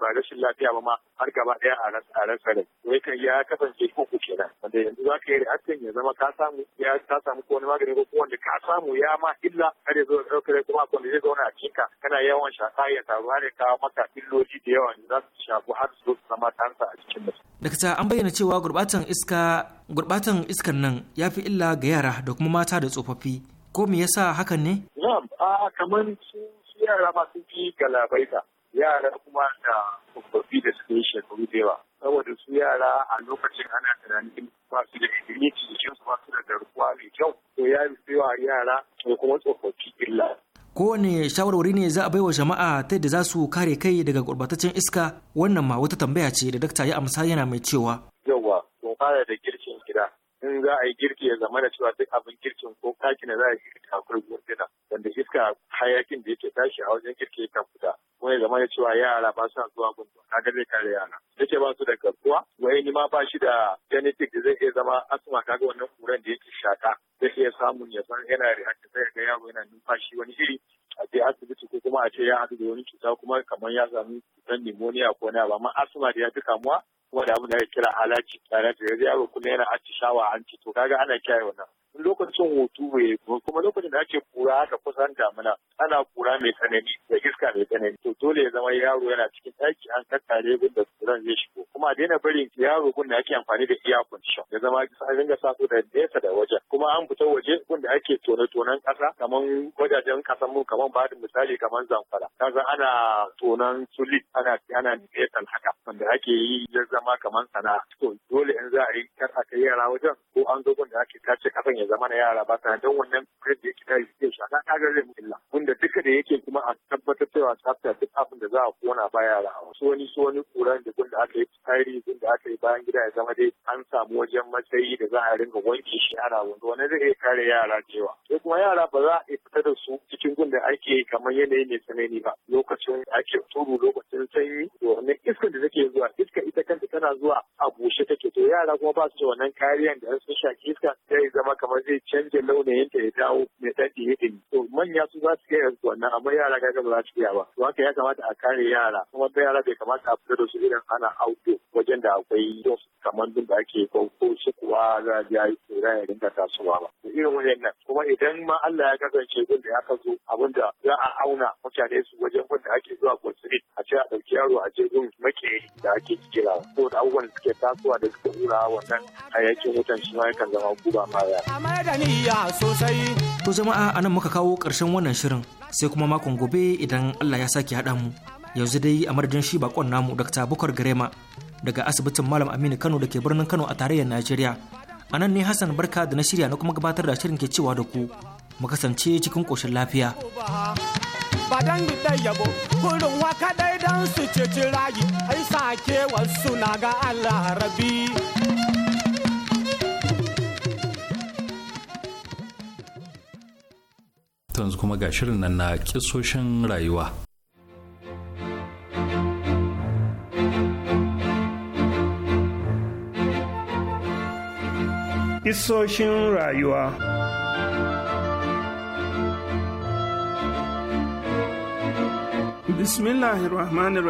ba rashin lafiya ba ma har gaba ɗaya a rasa rai to yakan ya kasance uku kenan wanda yanzu za ka yi reaction ya zama ka samu ya ka samu ko wani magani ko wanda ka samu ya ma illa har ya zo da ɗaukar rai kuma wanda zai zauna a ka kana yawan shaƙa ya taru har ya kawo maka illoli da yawa za su shafi har su zama tansa a cikin mutum. Dakta an bayyana cewa gurbatan iska gurbatan iskar nan ya fi illa ga yara da kuma mata da tsofaffi ko me yasa hakan ne? Na'am, a kamar su yara ma sun fi galabaita. Yara kuma da tsofaffi da suka yi shekaru da yawa. Saboda su yara a lokacin ana tunanin ba su da ilimi cikin su ba da garkuwa mai kyau. To ya fi yawa yara ko kuma tsofaffi illa. Kowane shawarwari ne za a baiwa jama'a ta yadda za su kare kai daga gurbataccen iska wannan ma wata tambaya ce da dakta ya amsa yana mai cewa. Yawwa, to fara da girki in za a yi girki ya zama da cewa duk abin girkin ko kaki za a yi girki akwai gordina wanda iska hayakin da yake tashi a wajen girki kan fita kuma ya zama da cewa yara ba sa zuwa gungun na zai kare yara yake ba su da garkuwa wai ni ma ba shi da genetic da zai iya zama asma kaga wannan kuran da yake shaka zai iya samun ya san yana react sai ga yaro yana numfashi wani iri a je asibiti ko kuma a ce ya haɗu da wani cuta kuma kamar ya sami cutar nimoniya ko na ba amma asma da ya fi kamuwa kuma da abin da ya kira alaci tare da ya yaro kuma yana atishawa ci to kaga ana kiyaye wannan lokacin hutu bai kuma lokacin da ake kura haka kusan damina ana kura mai tsanani da iska mai tsanani to dole ya zama yaro yana cikin ɗaki an kakkare gun da kuran zai shigo kuma a daina barin yaro gun da ake amfani da iya condition ya zama an dinga sa su da nesa da wajen kuma an fita waje gun da ake tone-tonen ƙasa kamar wajajen kasan mu kamar ba misali kamar zamfara kaza ana tonan sulit ana ana nesan haka wanda ake yi ya zama kamar sana'a to dole in za a yi kar a kai yara wajen ko an zo gun da ake tace kasan ya Zamana yara ba ta don wannan da yake da yake shaka kagar rai illa wanda duka da yake kuma a tabbatar cewa tsafta duk abin da za a kona ba yara a wasu wani su wani kuran da gun da aka yi tsari gun da aka yi bayan gida ya zama dai an samu wajen matsayi da za a ringa wanke shi ana wanda wani zai iya kare yara cewa sai kuma yara ba za a iya fita da su cikin gun da ake yi kamar yanayi mai tsanani ba lokacin ake turu lokacin sanyi to wannan iskar da take zuwa iska ita kanta tana zuwa a bushe take to yara kuma ba su da wannan kariyan da sun shaki iska sai zama kamar kamar zai canja launayin ta ya dawo mai ɗan ɗiye ɗin to manya su za su iya wannan amma yara kaga ba za su iya ba to haka ya kamata a kare yara kuma bai yara bai kamata a fita da su irin ana auto wajen da akwai yin kamar da ake ko ko su kuwa za a yi za a rinka tasowa ba irin wayannan kuma idan ma Allah ya kasance gun da ya kaso abin da za a auna mutane su wajen gun da ake zuwa su a ce a ɗauki yaro a je gun makeri da ake kira ko da abubuwan da suke tasowa da suke hura wannan yakin wutan shi ma yakan zama guba ma yara. sosai. To jama'a anan muka kawo ƙarshen wannan shirin sai kuma makon gobe idan Allah ya sake haɗa mu. Yanzu dai a madadin shi bakon namu Dr. Bukar Garema daga asibitin Malam Aminu Kano da ke birnin Kano a tarayyar Najeriya. A nan ne Hassan Barka da na shirya na kuma gabatar da shirin ke cewa da ku mu kasance cikin ƙoshin lafiya. Ba dan da yabo kurin waka dai dan su ce rayu ai sake wasu na ga Allah to yanzu kuma ga shirin nan na kisoshin rayuwa Isoshin rayuwa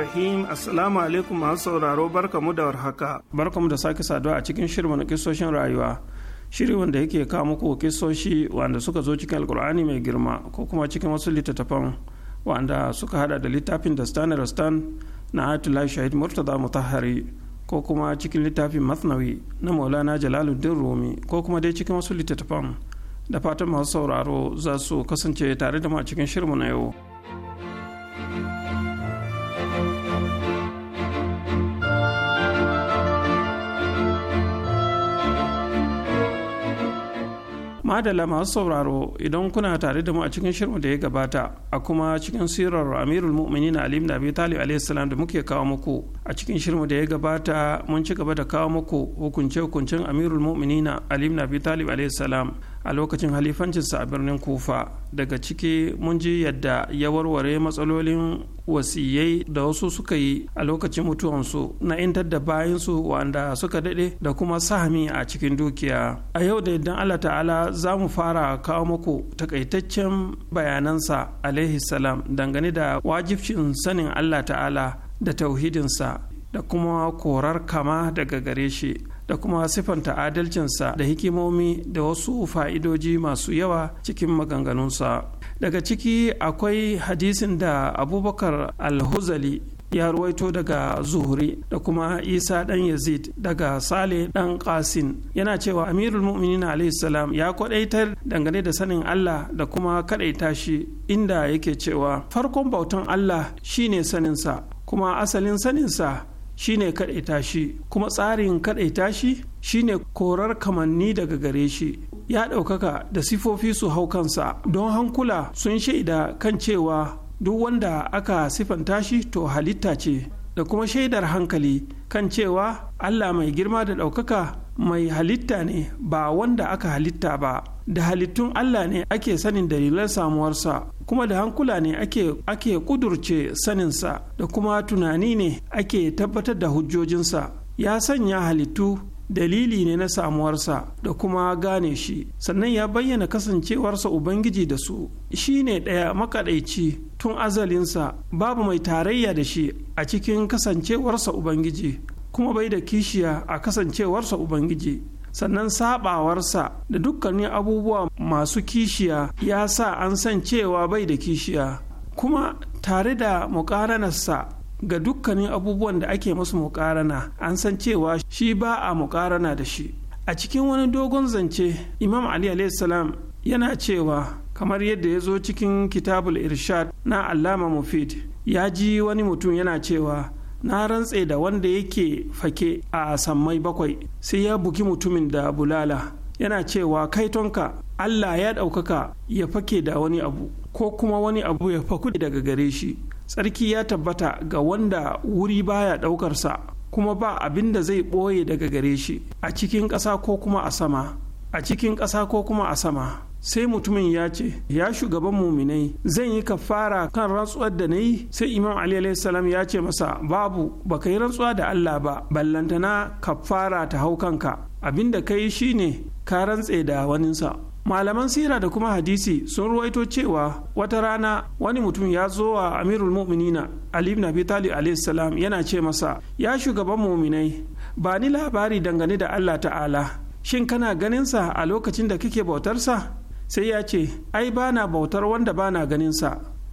rahim Assalamu alaikum masu sauraro barkamu da warhaka barkamu da sake saduwa a cikin shirin na kisoshin rayuwa shiri wanda yake kawo muku kisoshi wanda suka zo cikin alkur'ani mai girma ko kuma cikin wasu littattafan wanda suka hada da littafin da stan rastan na atula shahid murtaza mutahari ko kuma cikin littafin masnawi na maulana jalaluddin rumi ko kuma dai cikin wasu littattafan da fatan masu sauraro za su kasance tare da ma a cikin shirmu na yau. madala masu sauraro idan kuna tare da mu a cikin shirin da ya gabata a kuma cikin sirar amirul mu'minin ali ibn abi talib alayhi salam da muke kawo muku a cikin shirin da ya gabata mun ci gaba da kawo muku hukunce hukuncen amirul mu'minin ali ibn abi talib alayhi salam a lokacin halifancinsa a birnin kufa daga ciki mun ji yadda ya warware matsalolin wasiyai da wasu suka yi a lokacin mutuwansu na intar da bayansu wanda suka daɗe da kuma sahami a cikin dukiya a yau da idan allah ta'ala za mu fara kawo muku takaitaccen bayanansa alaihi salam dangane da wajibcin sanin allah ta'ala da tauhidinsa da kuma korar kama daga gare shi da kuma siffanta adalcinsa da hikimomi da wasu fa'idoji masu yawa cikin maganganunsa daga ciki akwai hadisin da abubakar alhuzali ya ruwaito daga zuhuri da kuma isa dan yazid daga sale dan kasin yana cewa amirul mu'minin salam ya kwadaitar dangane da sanin allah da kuma kadaita shi inda yake cewa farkon bautan allah shine saninsa kuma asalin saninsa shine kadaita shi kuma tsarin kadaita shi shine korar kamanni daga gare shi ya ɗaukaka da sifofi su hau kansa don hankula sun shaida kan cewa duk wanda aka sifanta shi to halitta ce da kuma shaidar hankali kan cewa allah mai girma da ɗaukaka mai halitta ne ba wanda aka halitta ba da halittun Allah ne ake sanin dalilan samuwarsa kuma da hankula ne ake, ake kudurce saninsa da kuma tunani ne ake tabbatar da hujjojinsa ya sanya halittu dalili ne na samuwarsa da kuma gane shi sannan ya bayyana kasancewarsa ubangiji da su shi ne ɗaya makaɗaici tun azalinsa babu mai tarayya da shi a cikin kasancewarsa ubangiji kuma bai da kishiya a kasancewarsa ubangiji sannan sabawarsa da dukkanin abubuwa masu kishiya ya sa an san cewa bai da kishiya kuma tare da mukaranarsa ga dukkanin abubuwan da ake masu mukarana an san cewa shi ba a mukarana da shi a cikin wani dogon zance imam ali salam yana cewa kamar yadda ya zo cikin kitabul irshad na alama mufid ya ji wani mutum yana cewa na rantse da wanda yake fake a sammai bakwai sai ya buki mutumin da bulala yana cewa kai tonka Allah ya ɗaukaka ya fake da wani abu ko kuma wani abu ya faku daga gare shi tsarki ya tabbata ga wanda wuri baya ɗaukarsa kuma ba abin da zai ɓoye daga gare shi a cikin ƙasa ko kuma a sama a cikin ƙasa ko kuma a sama sai mutumin ya ce ya shugaban muminai zan yi kafara kan rantsuwar da na yi sai imam ali salam ya ce masa babu ba ka yi rantsuwa da allah ba ballantana kafara ta hau kanka abin da ka yi shine ka rantse da waninsa malaman sira da kuma hadisi sun ruwaito cewa wata rana wani mutum ya zo wa amirul mu'minina ali ibn abi talib salam yana ce masa ya shugaban muminai ba ni labari dangane da allah ta'ala shin kana ganinsa a lokacin da kake bautar sa? sai ya ce ai ba na bautar wanda ba bana ganinsa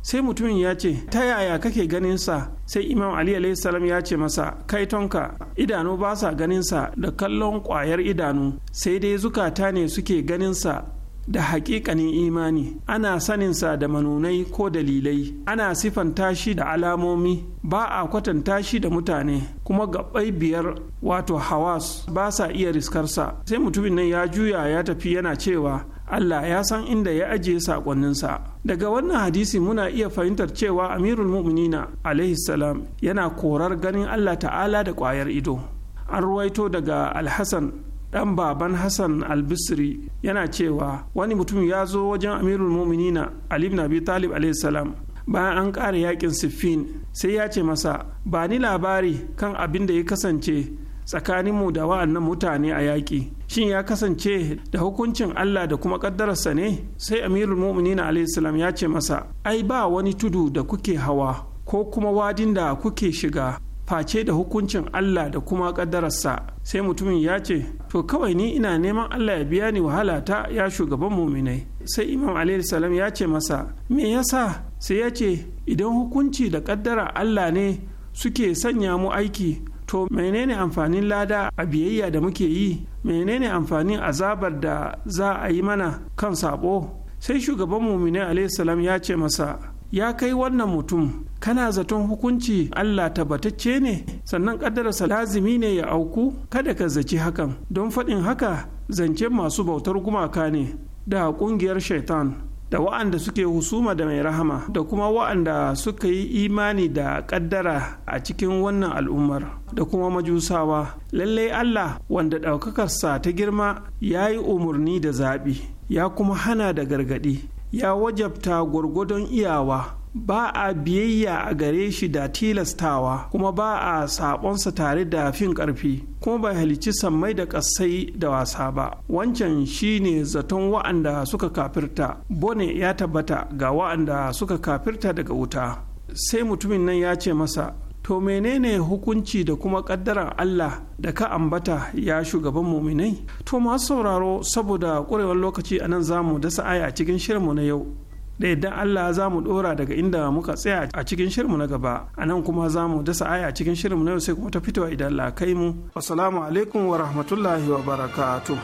sai mutumin ya ce ta yaya kake ganinsa sai imam ali salam ya ce masa kai tonka idanu ba sa ganinsa da kallon kwayar idanu sai dai zukata ne suke ganinsa da hakikanin imani ana saninsa da manunai ko dalilai ana sifanta shi da alamomi ba a kwatanta shi da mutane kuma gabai biyar wato hawas ba sa iya riskarsa sai mutumin nan ya juya ya tafi yana cewa Allah ya san inda ya ajiye sakonninsa. Daga wannan hadisi muna iya fahimtar cewa Amirul Mu'minina alaihi salam yana korar ganin Allah ta'ala da ƙwayar ido. An ruwaito daga Alhassan ɗan baban Hassan Albisri yana cewa wani mutum ya zo wajen Amirul Mu'minina Ali ibn Abi Talib alaihi salam bayan an ƙara yakin Siffin sai ya ce masa ba ni labari kan abin da ya kasance tsakaninmu da wa'annan mutane a yaƙi shin ya kasance da hukuncin Allah da kuma ƙaddararsa ne sai amirul mu'minin alaihissalam ya ce masa ai ba wani tudu da kuke hawa ko kuma wadin da kuke shiga face da hukuncin Allah da kuma ƙaddararsa sai mutumin ya ce to kawai ni ina neman Allah ya biya ni wahala ta ya shugaban muminai sai imam alaihi ya ce masa me yasa sai ya ce idan hukunci da ƙaddara Allah ne suke sanya mu aiki to menene amfanin lada a biyayya da muke yi menene amfanin azabar da za a yi mana kan sabo sai shugaban mumine alaihissalam ya ce masa ya kai wannan mutum kana zaton hukunci Allah tabbatacce ne sannan kaddararsa lazimi ne ya auku kada ka zaci hakan don faɗin haka zancen masu bautar gumaka ne da ƙungiyar shaitan da wa'anda suke husuma da mai rahama da kuma wa'anda suka yi imani da kaddara a cikin wannan al'ummar da kuma majusawa lallai Allah wanda ɗaukakarsa ta girma ya yi umarni da zaɓi ya kuma hana da gargaɗi ya wajabta gwargwadon iyawa ba a biyayya a gare shi da tilastawa kuma ba a sabonsa tare da fin karfi kuma bai halici sammai da kasai da wasa ba wancan shi ne zaton wa'anda suka kafirta bone ya tabbata ga wa'anda suka kafirta daga wuta sai mutumin nan ya ce masa to menene hukunci da kuma kaddaran Allah da ka ambata ya shugaban muminai to masu sauraro saboda ƙwarewar lokaci a nan za dasa aya cikin shirinmu na yau da idan Allah za mu dora daga inda muka tsaya a cikin shirmu na gaba a nan kuma za mu dasa aya a cikin shirmu na yau sai kuma ta fitowa idan Allah kai mu assalamu alaikum wa rahmatullahi wa barakatu.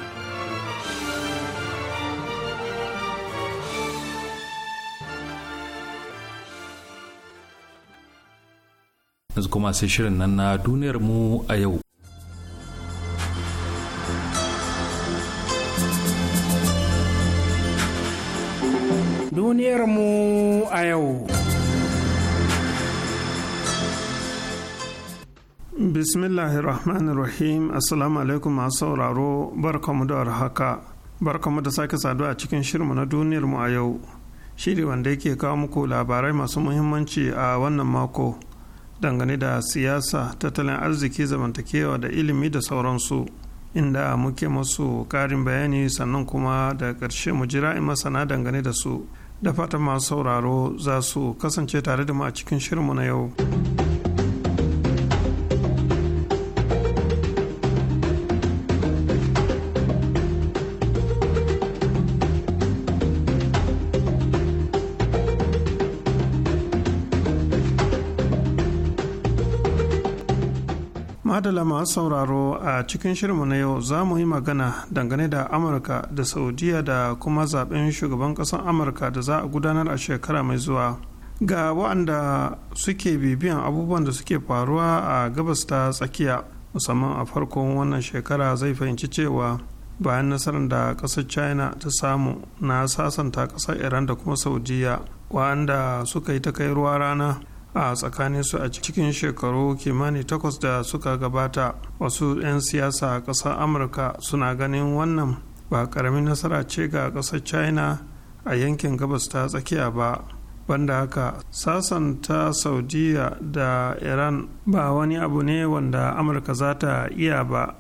yanzu kuma sai shirin nan na duniyar mu a yau duniyar mu a yau. Bismillahirrahmanirrahim Assalamu alaikum masu sauraro barkamu da haka barkamu da sake saduwa a cikin shirmu na duniyar mu a yau shiri wanda yake kawo muku labarai masu muhimmanci a wannan mako dangane da siyasa tattalin arziki zamantakewa da ilimi da sauransu. inda muke masu karin bayani sannan kuma da ƙarshe mu jira in masana dangane da su da fatan masu sauraro za su kasance tare da mu a cikin shirinmu na yau. masu sauraro a cikin shirinmu na yau za mu yi magana dangane da amurka da saudiya da kuma zaben shugaban ƙasar amurka da za a gudanar a shekara mai zuwa ga waɗanda suke bibiyan abubuwan da suke faruwa a gabas ta tsakiya musamman a farkon wannan shekara zai fahimci cewa bayan nasarar da ƙasar china ta samu na sasanta ƙasar iran da kuma saudiya waɗanda suka yi ta kai ruwa rana a tsakanin su a cikin shekaru kimani takwas da suka gabata wasu 'yan siyasa a ƙasar amurka suna ganin wannan ba ƙaramin nasara ce ga ƙasar china a yankin gabas ta tsakiya ba banda haka sasanta saudiya da iran ba wani abu ne wanda amurka za ta iya ba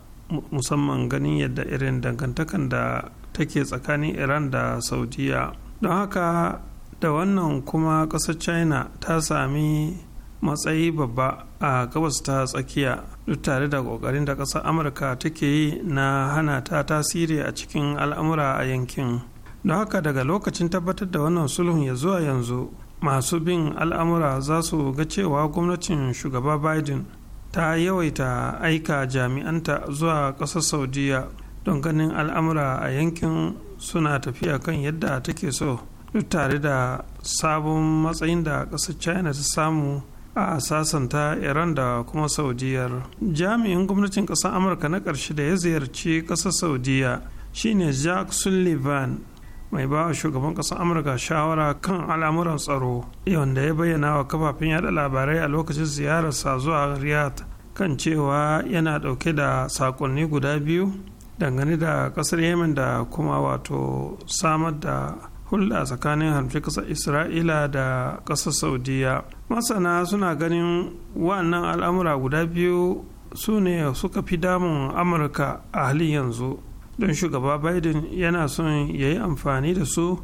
musamman ganin yadda irin dangantakan da take tsakanin iran da saudiya don haka da wannan kuma ƙasar china ta sami matsayi babba a gabas ta tsakiya duk tare da ƙoƙarin da ƙasar amurka take yi na hana ta tasiri a cikin al'amura a yankin don haka daga lokacin tabbatar da wannan sulhun ya zuwa yanzu masu bin al'amura za su ga cewa gwamnatin shugaba biden ta yawaita aika jami'anta zuwa ƙasar saudiya don ganin al'amura a yankin suna tafiya kan yadda take so duk tare da sabon matsayin da ƙasar china ta samu a sasanta iran da kuma saudiyar jami'in gwamnatin ƙasar amurka na ƙarshe da ya ziyarci ƙasar saudiya shine jack sullivan mai ba shugaban ƙasar amurka shawara kan al'amuran tsaro wanda ya bayyana wa kafafen yada labarai a lokacin ziyararsa zuwa riyadh kan cewa yana ɗauke da saƙonni guda biyu dangane da ƙasar yemen da kuma wato samar da hulɗa tsakanin harfi ƙasar isra'ila da ƙasar saudiya masana suna ganin wannan al'amura guda biyu su ne suka fi damun amurka a halin yanzu don shugaba biden yana son ya yi amfani da su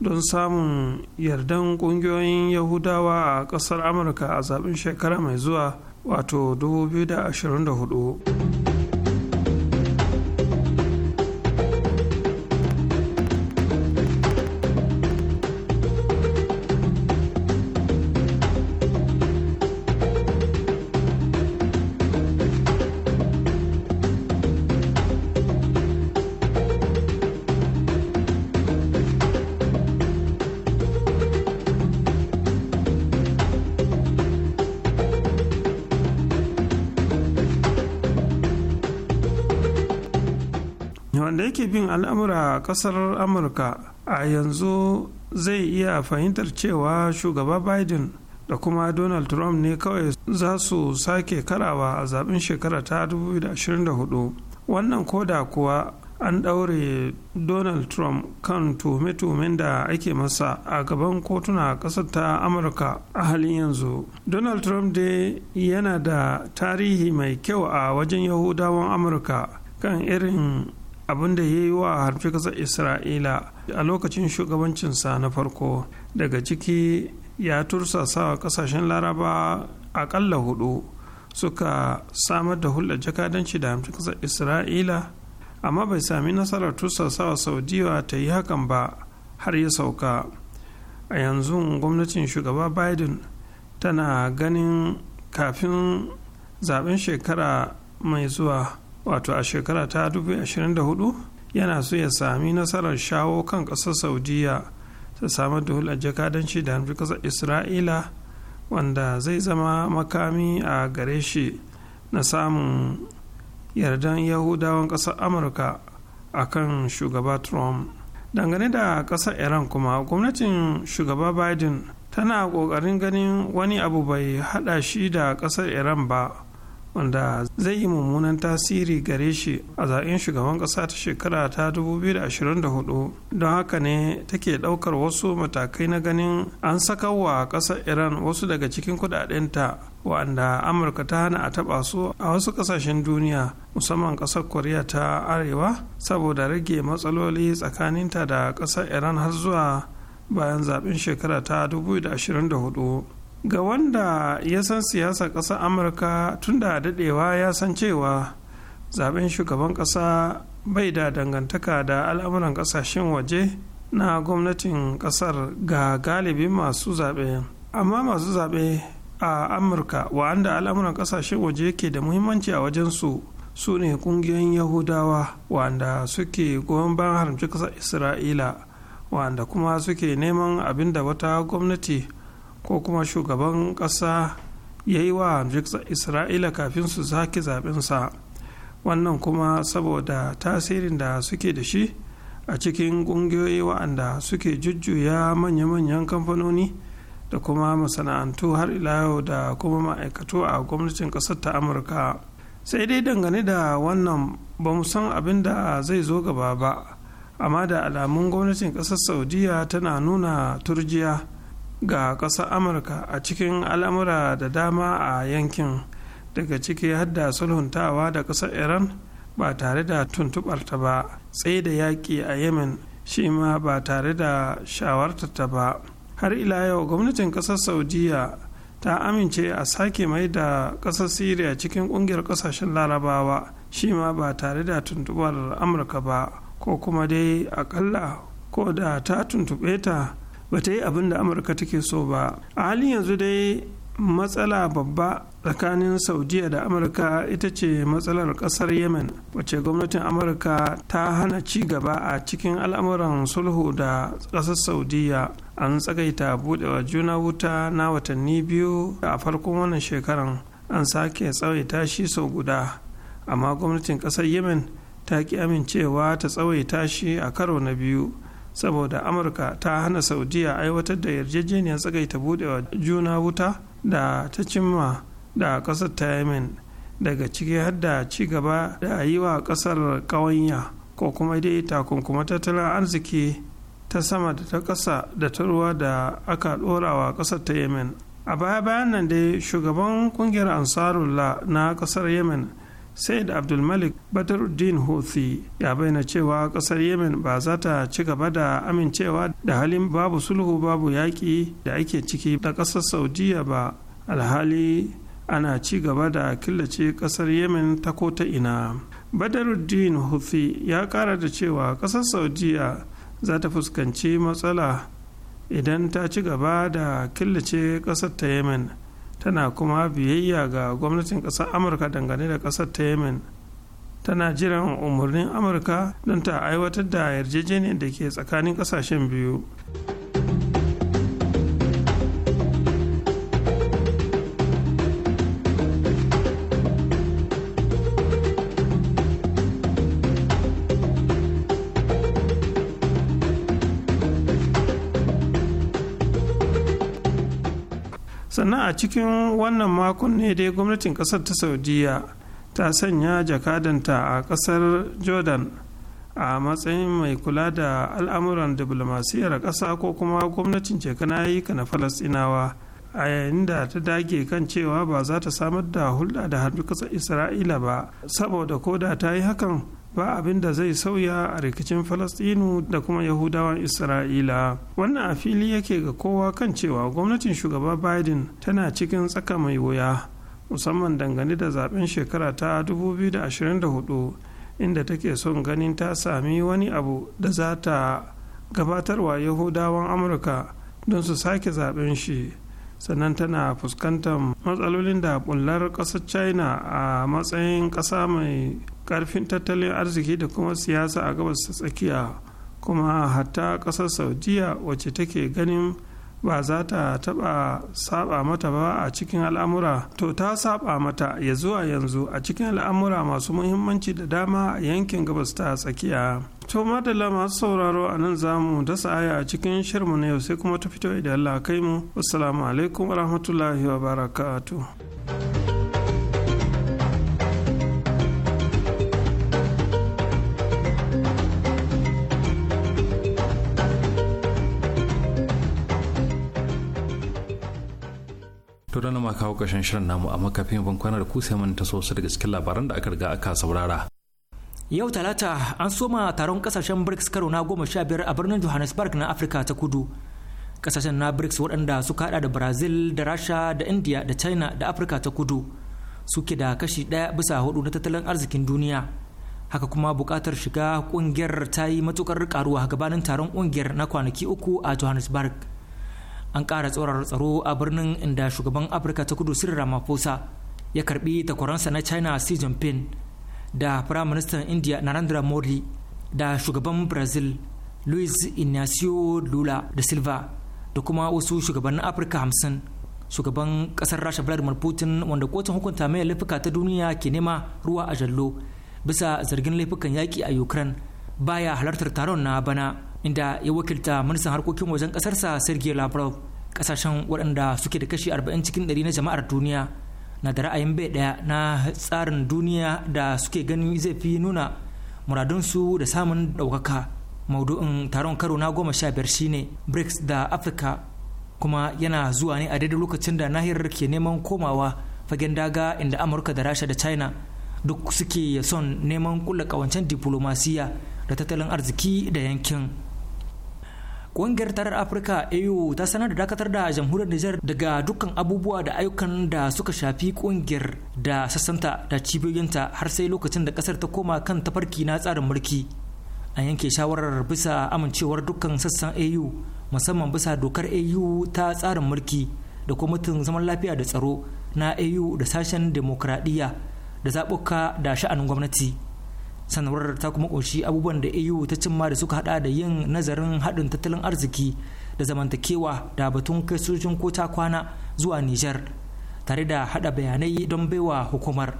don samun yardan ƙungiyoyin yahudawa a ƙasar amurka a zaben shekara mai zuwa wato 2024 kasar amurka a yanzu zai iya fahimtar cewa shugaba biden da kuma donald trump ne kawai za su sake karawa a zaben shekara ta 2024 wannan koda kuwa an ɗaure donald trump kan tuhume tumen da ake masa a gaban kotuna ƙasar ta amurka a halin yanzu donald trump dai yana da tarihi mai kyau a wajen yahudawan amurka kan irin abin da ya yi wa harfi kasar isra'ila a lokacin shugabancinsa na farko daga ciki ya tursasawa kasashen laraba aƙalla hudu suka samar da hulɗar jakadanci da harfi kasar isra'ila amma bai sami nasarar tursasawa saudiya ta yi hakan ba har ya sauka a yanzu gwamnatin shugaba biden tana ganin kafin zaben shekara mai zuwa wato a shekara ta 2024 yana so ya sami nasarar shawo kan ƙasar saudiya ta samar da hulɗar jakadanci da hanfi ƙasar isra'ila wanda zai zama makami a gare shi na samun yardan yahudawan ƙasar amurka a kan shugaba trump dangane da ƙasar iran kuma gwamnatin shugaba biden tana ƙoƙarin ganin wani abu bai haɗa shi da ƙasar iran ba wanda zai yi mummunan tasiri gare shi a zaɓen shugaban ƙasa ta shekara ta 2024 don haka ne take ɗaukar wasu matakai na ganin an sakawa ƙasar iran wasu daga cikin kudadenta wa'anda amurka ta hana a taɓa su a wasu ƙasashen duniya musamman ƙasar koriya ta arewa saboda rage matsaloli tsakaninta da ƙasar iran har zuwa bayan zaɓen shekara ta 2024 ga wanda ya san siyasar ƙasar amurka tun da daɗewa ya san cewa zaben shugaban ƙasa bai da dangantaka da al'amuran ƙasashen waje na gwamnatin ƙasar ga galibi masu zaɓe amma masu zaɓe a amurka wa'anda al'amuran ƙasashen waje ke da muhimmanci a wajensu su ne ƙungiyoyin yahudawa wa'anda suke goyon bayan haramci ƙasar isra'ila wa'anda kuma suke neman abin da wata gwamnati ko kuma shugaban ƙasa ya yi wa isra'ila kafin su sake zaɓensa wannan kuma saboda tasirin da suke da shi a cikin ƙungiyoyi wa'anda suke jujjuya manya-manyan kamfanoni da kuma masana'antu har ila yau da kuma ma'aikatu a gwamnatin ƙasar ta amurka sai dai dangane da wannan ba mu san abin da zai zo gaba ba amma da alamun gwamnatin ƙasar saudiya tana nuna turjiya ga ƙasar amurka a cikin al'amura da dama a yankin daga ciki hadda sulhuntawa da ƙasar iran ba tare da tuntuɓarta ba tsaye da yaƙi a yemen shi ma ba tare da shawartarta ba har ila yau gwamnatin ƙasar saudiya ta amince a sake mai da ƙasar syria cikin ƙungiyar ƙasashen larabawa shi ma ba tare da tuntuɓar amurka ba ko kuma dai aƙalla ko da ta tuntuɓe ta ba ta yi abin da amurka take so ba a halin yanzu dai matsala babba tsakanin saudiya da amurka ita ce matsalar kasar yemen wacce gwamnatin amurka ta hana ci gaba a cikin al'amuran sulhu da kasar saudiya an tsagaita budewa juna wuta na watanni biyu a farkon wannan shekaran an sake tsawaita shi sau guda amma gwamnatin kasar yemen ta ki amincewa ta tsawaita shi a karo na biyu saboda amurka ta hana saudiya aiwatar da yarjejeniyar tsagaita budewa juna wuta da ta cimma da kasar ta yemen daga ciki har da ci gaba da yi wa kasar kawanya ko kuma dai takunkuma tattalin arziki ta sama da ta kasa da ta ruwa da aka dora wa kasar ta yemen a baya bayan nan dai shugaban kungiyar ansarullah na kasar yemen said abdulmalik badaruddin houthi ya bayyana cewa kasar yemen ba za ta ci gaba da amincewa da halin babu sulhu babu yaƙi da ake ciki da ƙasar saudiya ba alhali ana ci gaba da killace ƙasar yemen ta ko ta ina badaruddin houthi ya ƙara da cewa ƙasar saudiya za ta fuskanci matsala idan ta ci gaba da killace ƙasar ta yemen tana kuma biyayya ga gwamnatin ƙasar amurka dangane da ƙasar ta yemen tana jiran umarnin amurka don ta aiwatar da yarjejeniyar da ke tsakanin ƙasashen biyu. sannan a cikin wannan makon ne dai gwamnatin kasar ta saudiya ta sanya jakadanta a kasar jordan a matsayin mai kula da al'amuran diplomasiyar ƙasa ko kuma gwamnatin cekanayika na falasinawa a yayin da ta dage kan cewa ba za ta samar da hulɗa da hannun ƙasar isra'ila ba saboda da ta yi hakan ba abin da zai sauya a rikicin falastinu da kuma yahudawan isra'ila wannan a fili yake ga kowa kan cewa gwamnatin shugaba biden tana cikin tsaka mai wuya musamman dangane da zaben shekara ta 2024 inda take son ganin ta sami wani abu da za ta gabatarwa yahudawan amurka don su sake zaben shi sannan tana fuskantar matsalolin da bullar ƙasar china a matsayin ƙasa mai karfin tattalin arziki da kuma siyasa a gabas ta tsakiya kuma hatta kasar saudiya wacce take ganin ba za ta taba saba mata ba a cikin al'amura to ta saba mata ya zuwa yanzu a cikin al'amura masu muhimmanci da dama a yankin gabas ta tsakiya to madalla masu sauraro a nan zamu dasa aya a cikin shirmu na yau sai kuma ta fito idan Allah kai mu assalamu alaikum warahmatullahi wabarakatuh kawo ƙarshen shirin namu a makafin kwana da sai mun taso sosai daga cikin labaran da aka riga aka saurara. Yau Talata an soma taron kasashen BRICS karo na goma sha biyar a birnin Johannesburg na Afirka ta kudu. Kasashen na BRICS waɗanda suka hada da Brazil da Rasha da India da China da Afirka ta kudu suke da kashi ɗaya bisa hudu na tattalin arzikin duniya. Haka kuma buƙatar shiga ƙungiyar ta yi matukar ƙaruwa gabanin taron ƙungiyar na kwanaki uku a Johannesburg. an ƙara tsoron tsaro a birnin inda shugaban afirka ta kudu sirri ramaphosa ya karbi takwaransa na china xi jinping da firaministan india narendra modi da shugaban brazil luis inacio lula da silva da kuma wasu shugabannin afirka hamsin shugaban kasar rasha vladimir putin wanda kotun hukunta mai laifuka ta duniya ke nema ruwa a jallo bisa zargin laifukan yaki a ukraine baya halartar taron na bana inda ya wakilta ministan harkokin wajen kasarsa sergei lavrov kasashen waɗanda suke da kashi 40 cikin 100 na jama'ar duniya na da ra'ayin bai daya na tsarin duniya da suke ganin zai fi nuna muradunsu da samun ɗaukaka maudu'in taron karo na goma sha biyar shine brics da afirka kuma yana zuwa ne a daidai lokacin da nahiyar ke neman komawa fagen daga inda amurka da rasha da china duk suke son neman kulla kawancen diplomasiya da tattalin arziki da yankin Ƙungiyar tarar Afirka AU ta sanar da dakatar da jamhuriyar Nijar daga dukkan abubuwa da ayyukan da suka shafi ƙungiyar da sassanta da cibiyoyinta har sai lokacin da ƙasar ta koma kan tafarki na tsarin mulki. a yanke shawarar bisa amincewar dukkan sassan AU musamman bisa dokar AU ta tsarin mulki da kwamitin zaman lafiya da tsaro na AU da sashen demokradiyya da zaɓuka da sha'anin gwamnati. sanarwar ta kuma ƙunshi abubuwan da au ta cimma da suka hada da yin nazarin haɗin tattalin arziki da zamantakewa da batun kai sojin ko ta kwana zuwa nijar tare da hada bayanai don baiwa hukumar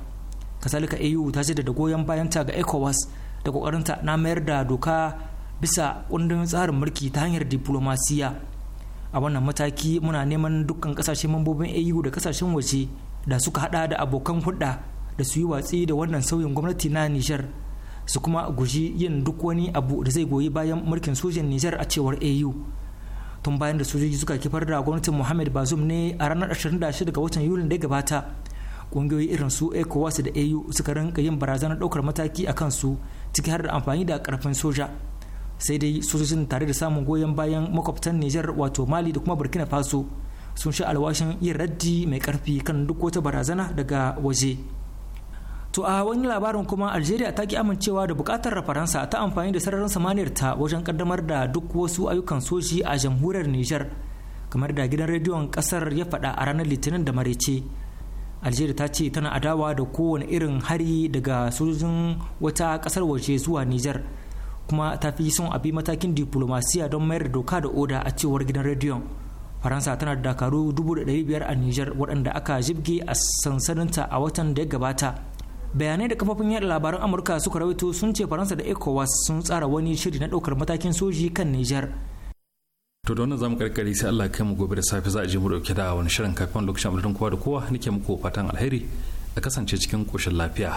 kasalika au ta da goyon bayanta ga ecowas da kokarinta na mayar da doka bisa kundin tsarin mulki ta hanyar diplomasiya a wannan mataki muna neman dukkan kasashen mambobin au da kasashen waje da suka hada da abokan hulɗa da su yi watsi da wannan sauyin gwamnati na nijar su kuma guji yin duk wani abu da zai goyi bayan mulkin sojan Nijar a cewar AU. Tun bayan da sojoji suka kifar da gwamnatin Muhammad Bazoum ne a ranar 26 ga watan Yulin da ya gabata. Ƙungiyoyi irin su ECOWAS da AU suka rinka yin barazanar ɗaukar mataki a kansu ciki har da amfani da ƙarfin soja. Sai dai sojojin tare da samun goyon bayan makwabtan Nijar wato Mali da kuma Burkina Faso sun sha alwashin yin raddi mai ƙarfi kan duk wata barazana daga waje. to a wani labarin kuma algeria ta ki amincewa da bukatar faransa ta amfani da sararin samaniyar ta wajen kaddamar da duk wasu ayyukan soji a jamhuriyar niger kamar da gidan rediyon kasar ya faɗa a ranar litinin da marece algeria ta ce tana adawa da kowane irin hari daga sojojin wata kasar waje zuwa niger kuma ta fi son abi matakin diplomasiya don mayar da doka da oda a cewar gidan rediyon faransa tana da dakaru 500,000 a niger waɗanda aka jibge a sansaninta a watan da ya gabata bayanai da kafofin yada labaran amurka suka rawaito sun ce faransa da ecowas sun tsara wani shiri na daukar matakin soji kan nijar to da wannan zamu karkare sai Allah kai mu gobe da safe za a je mu dauke da wani shirin kafin lokacin abudin kowa da kowa nake muku fatan alheri a kasance cikin koshin lafiya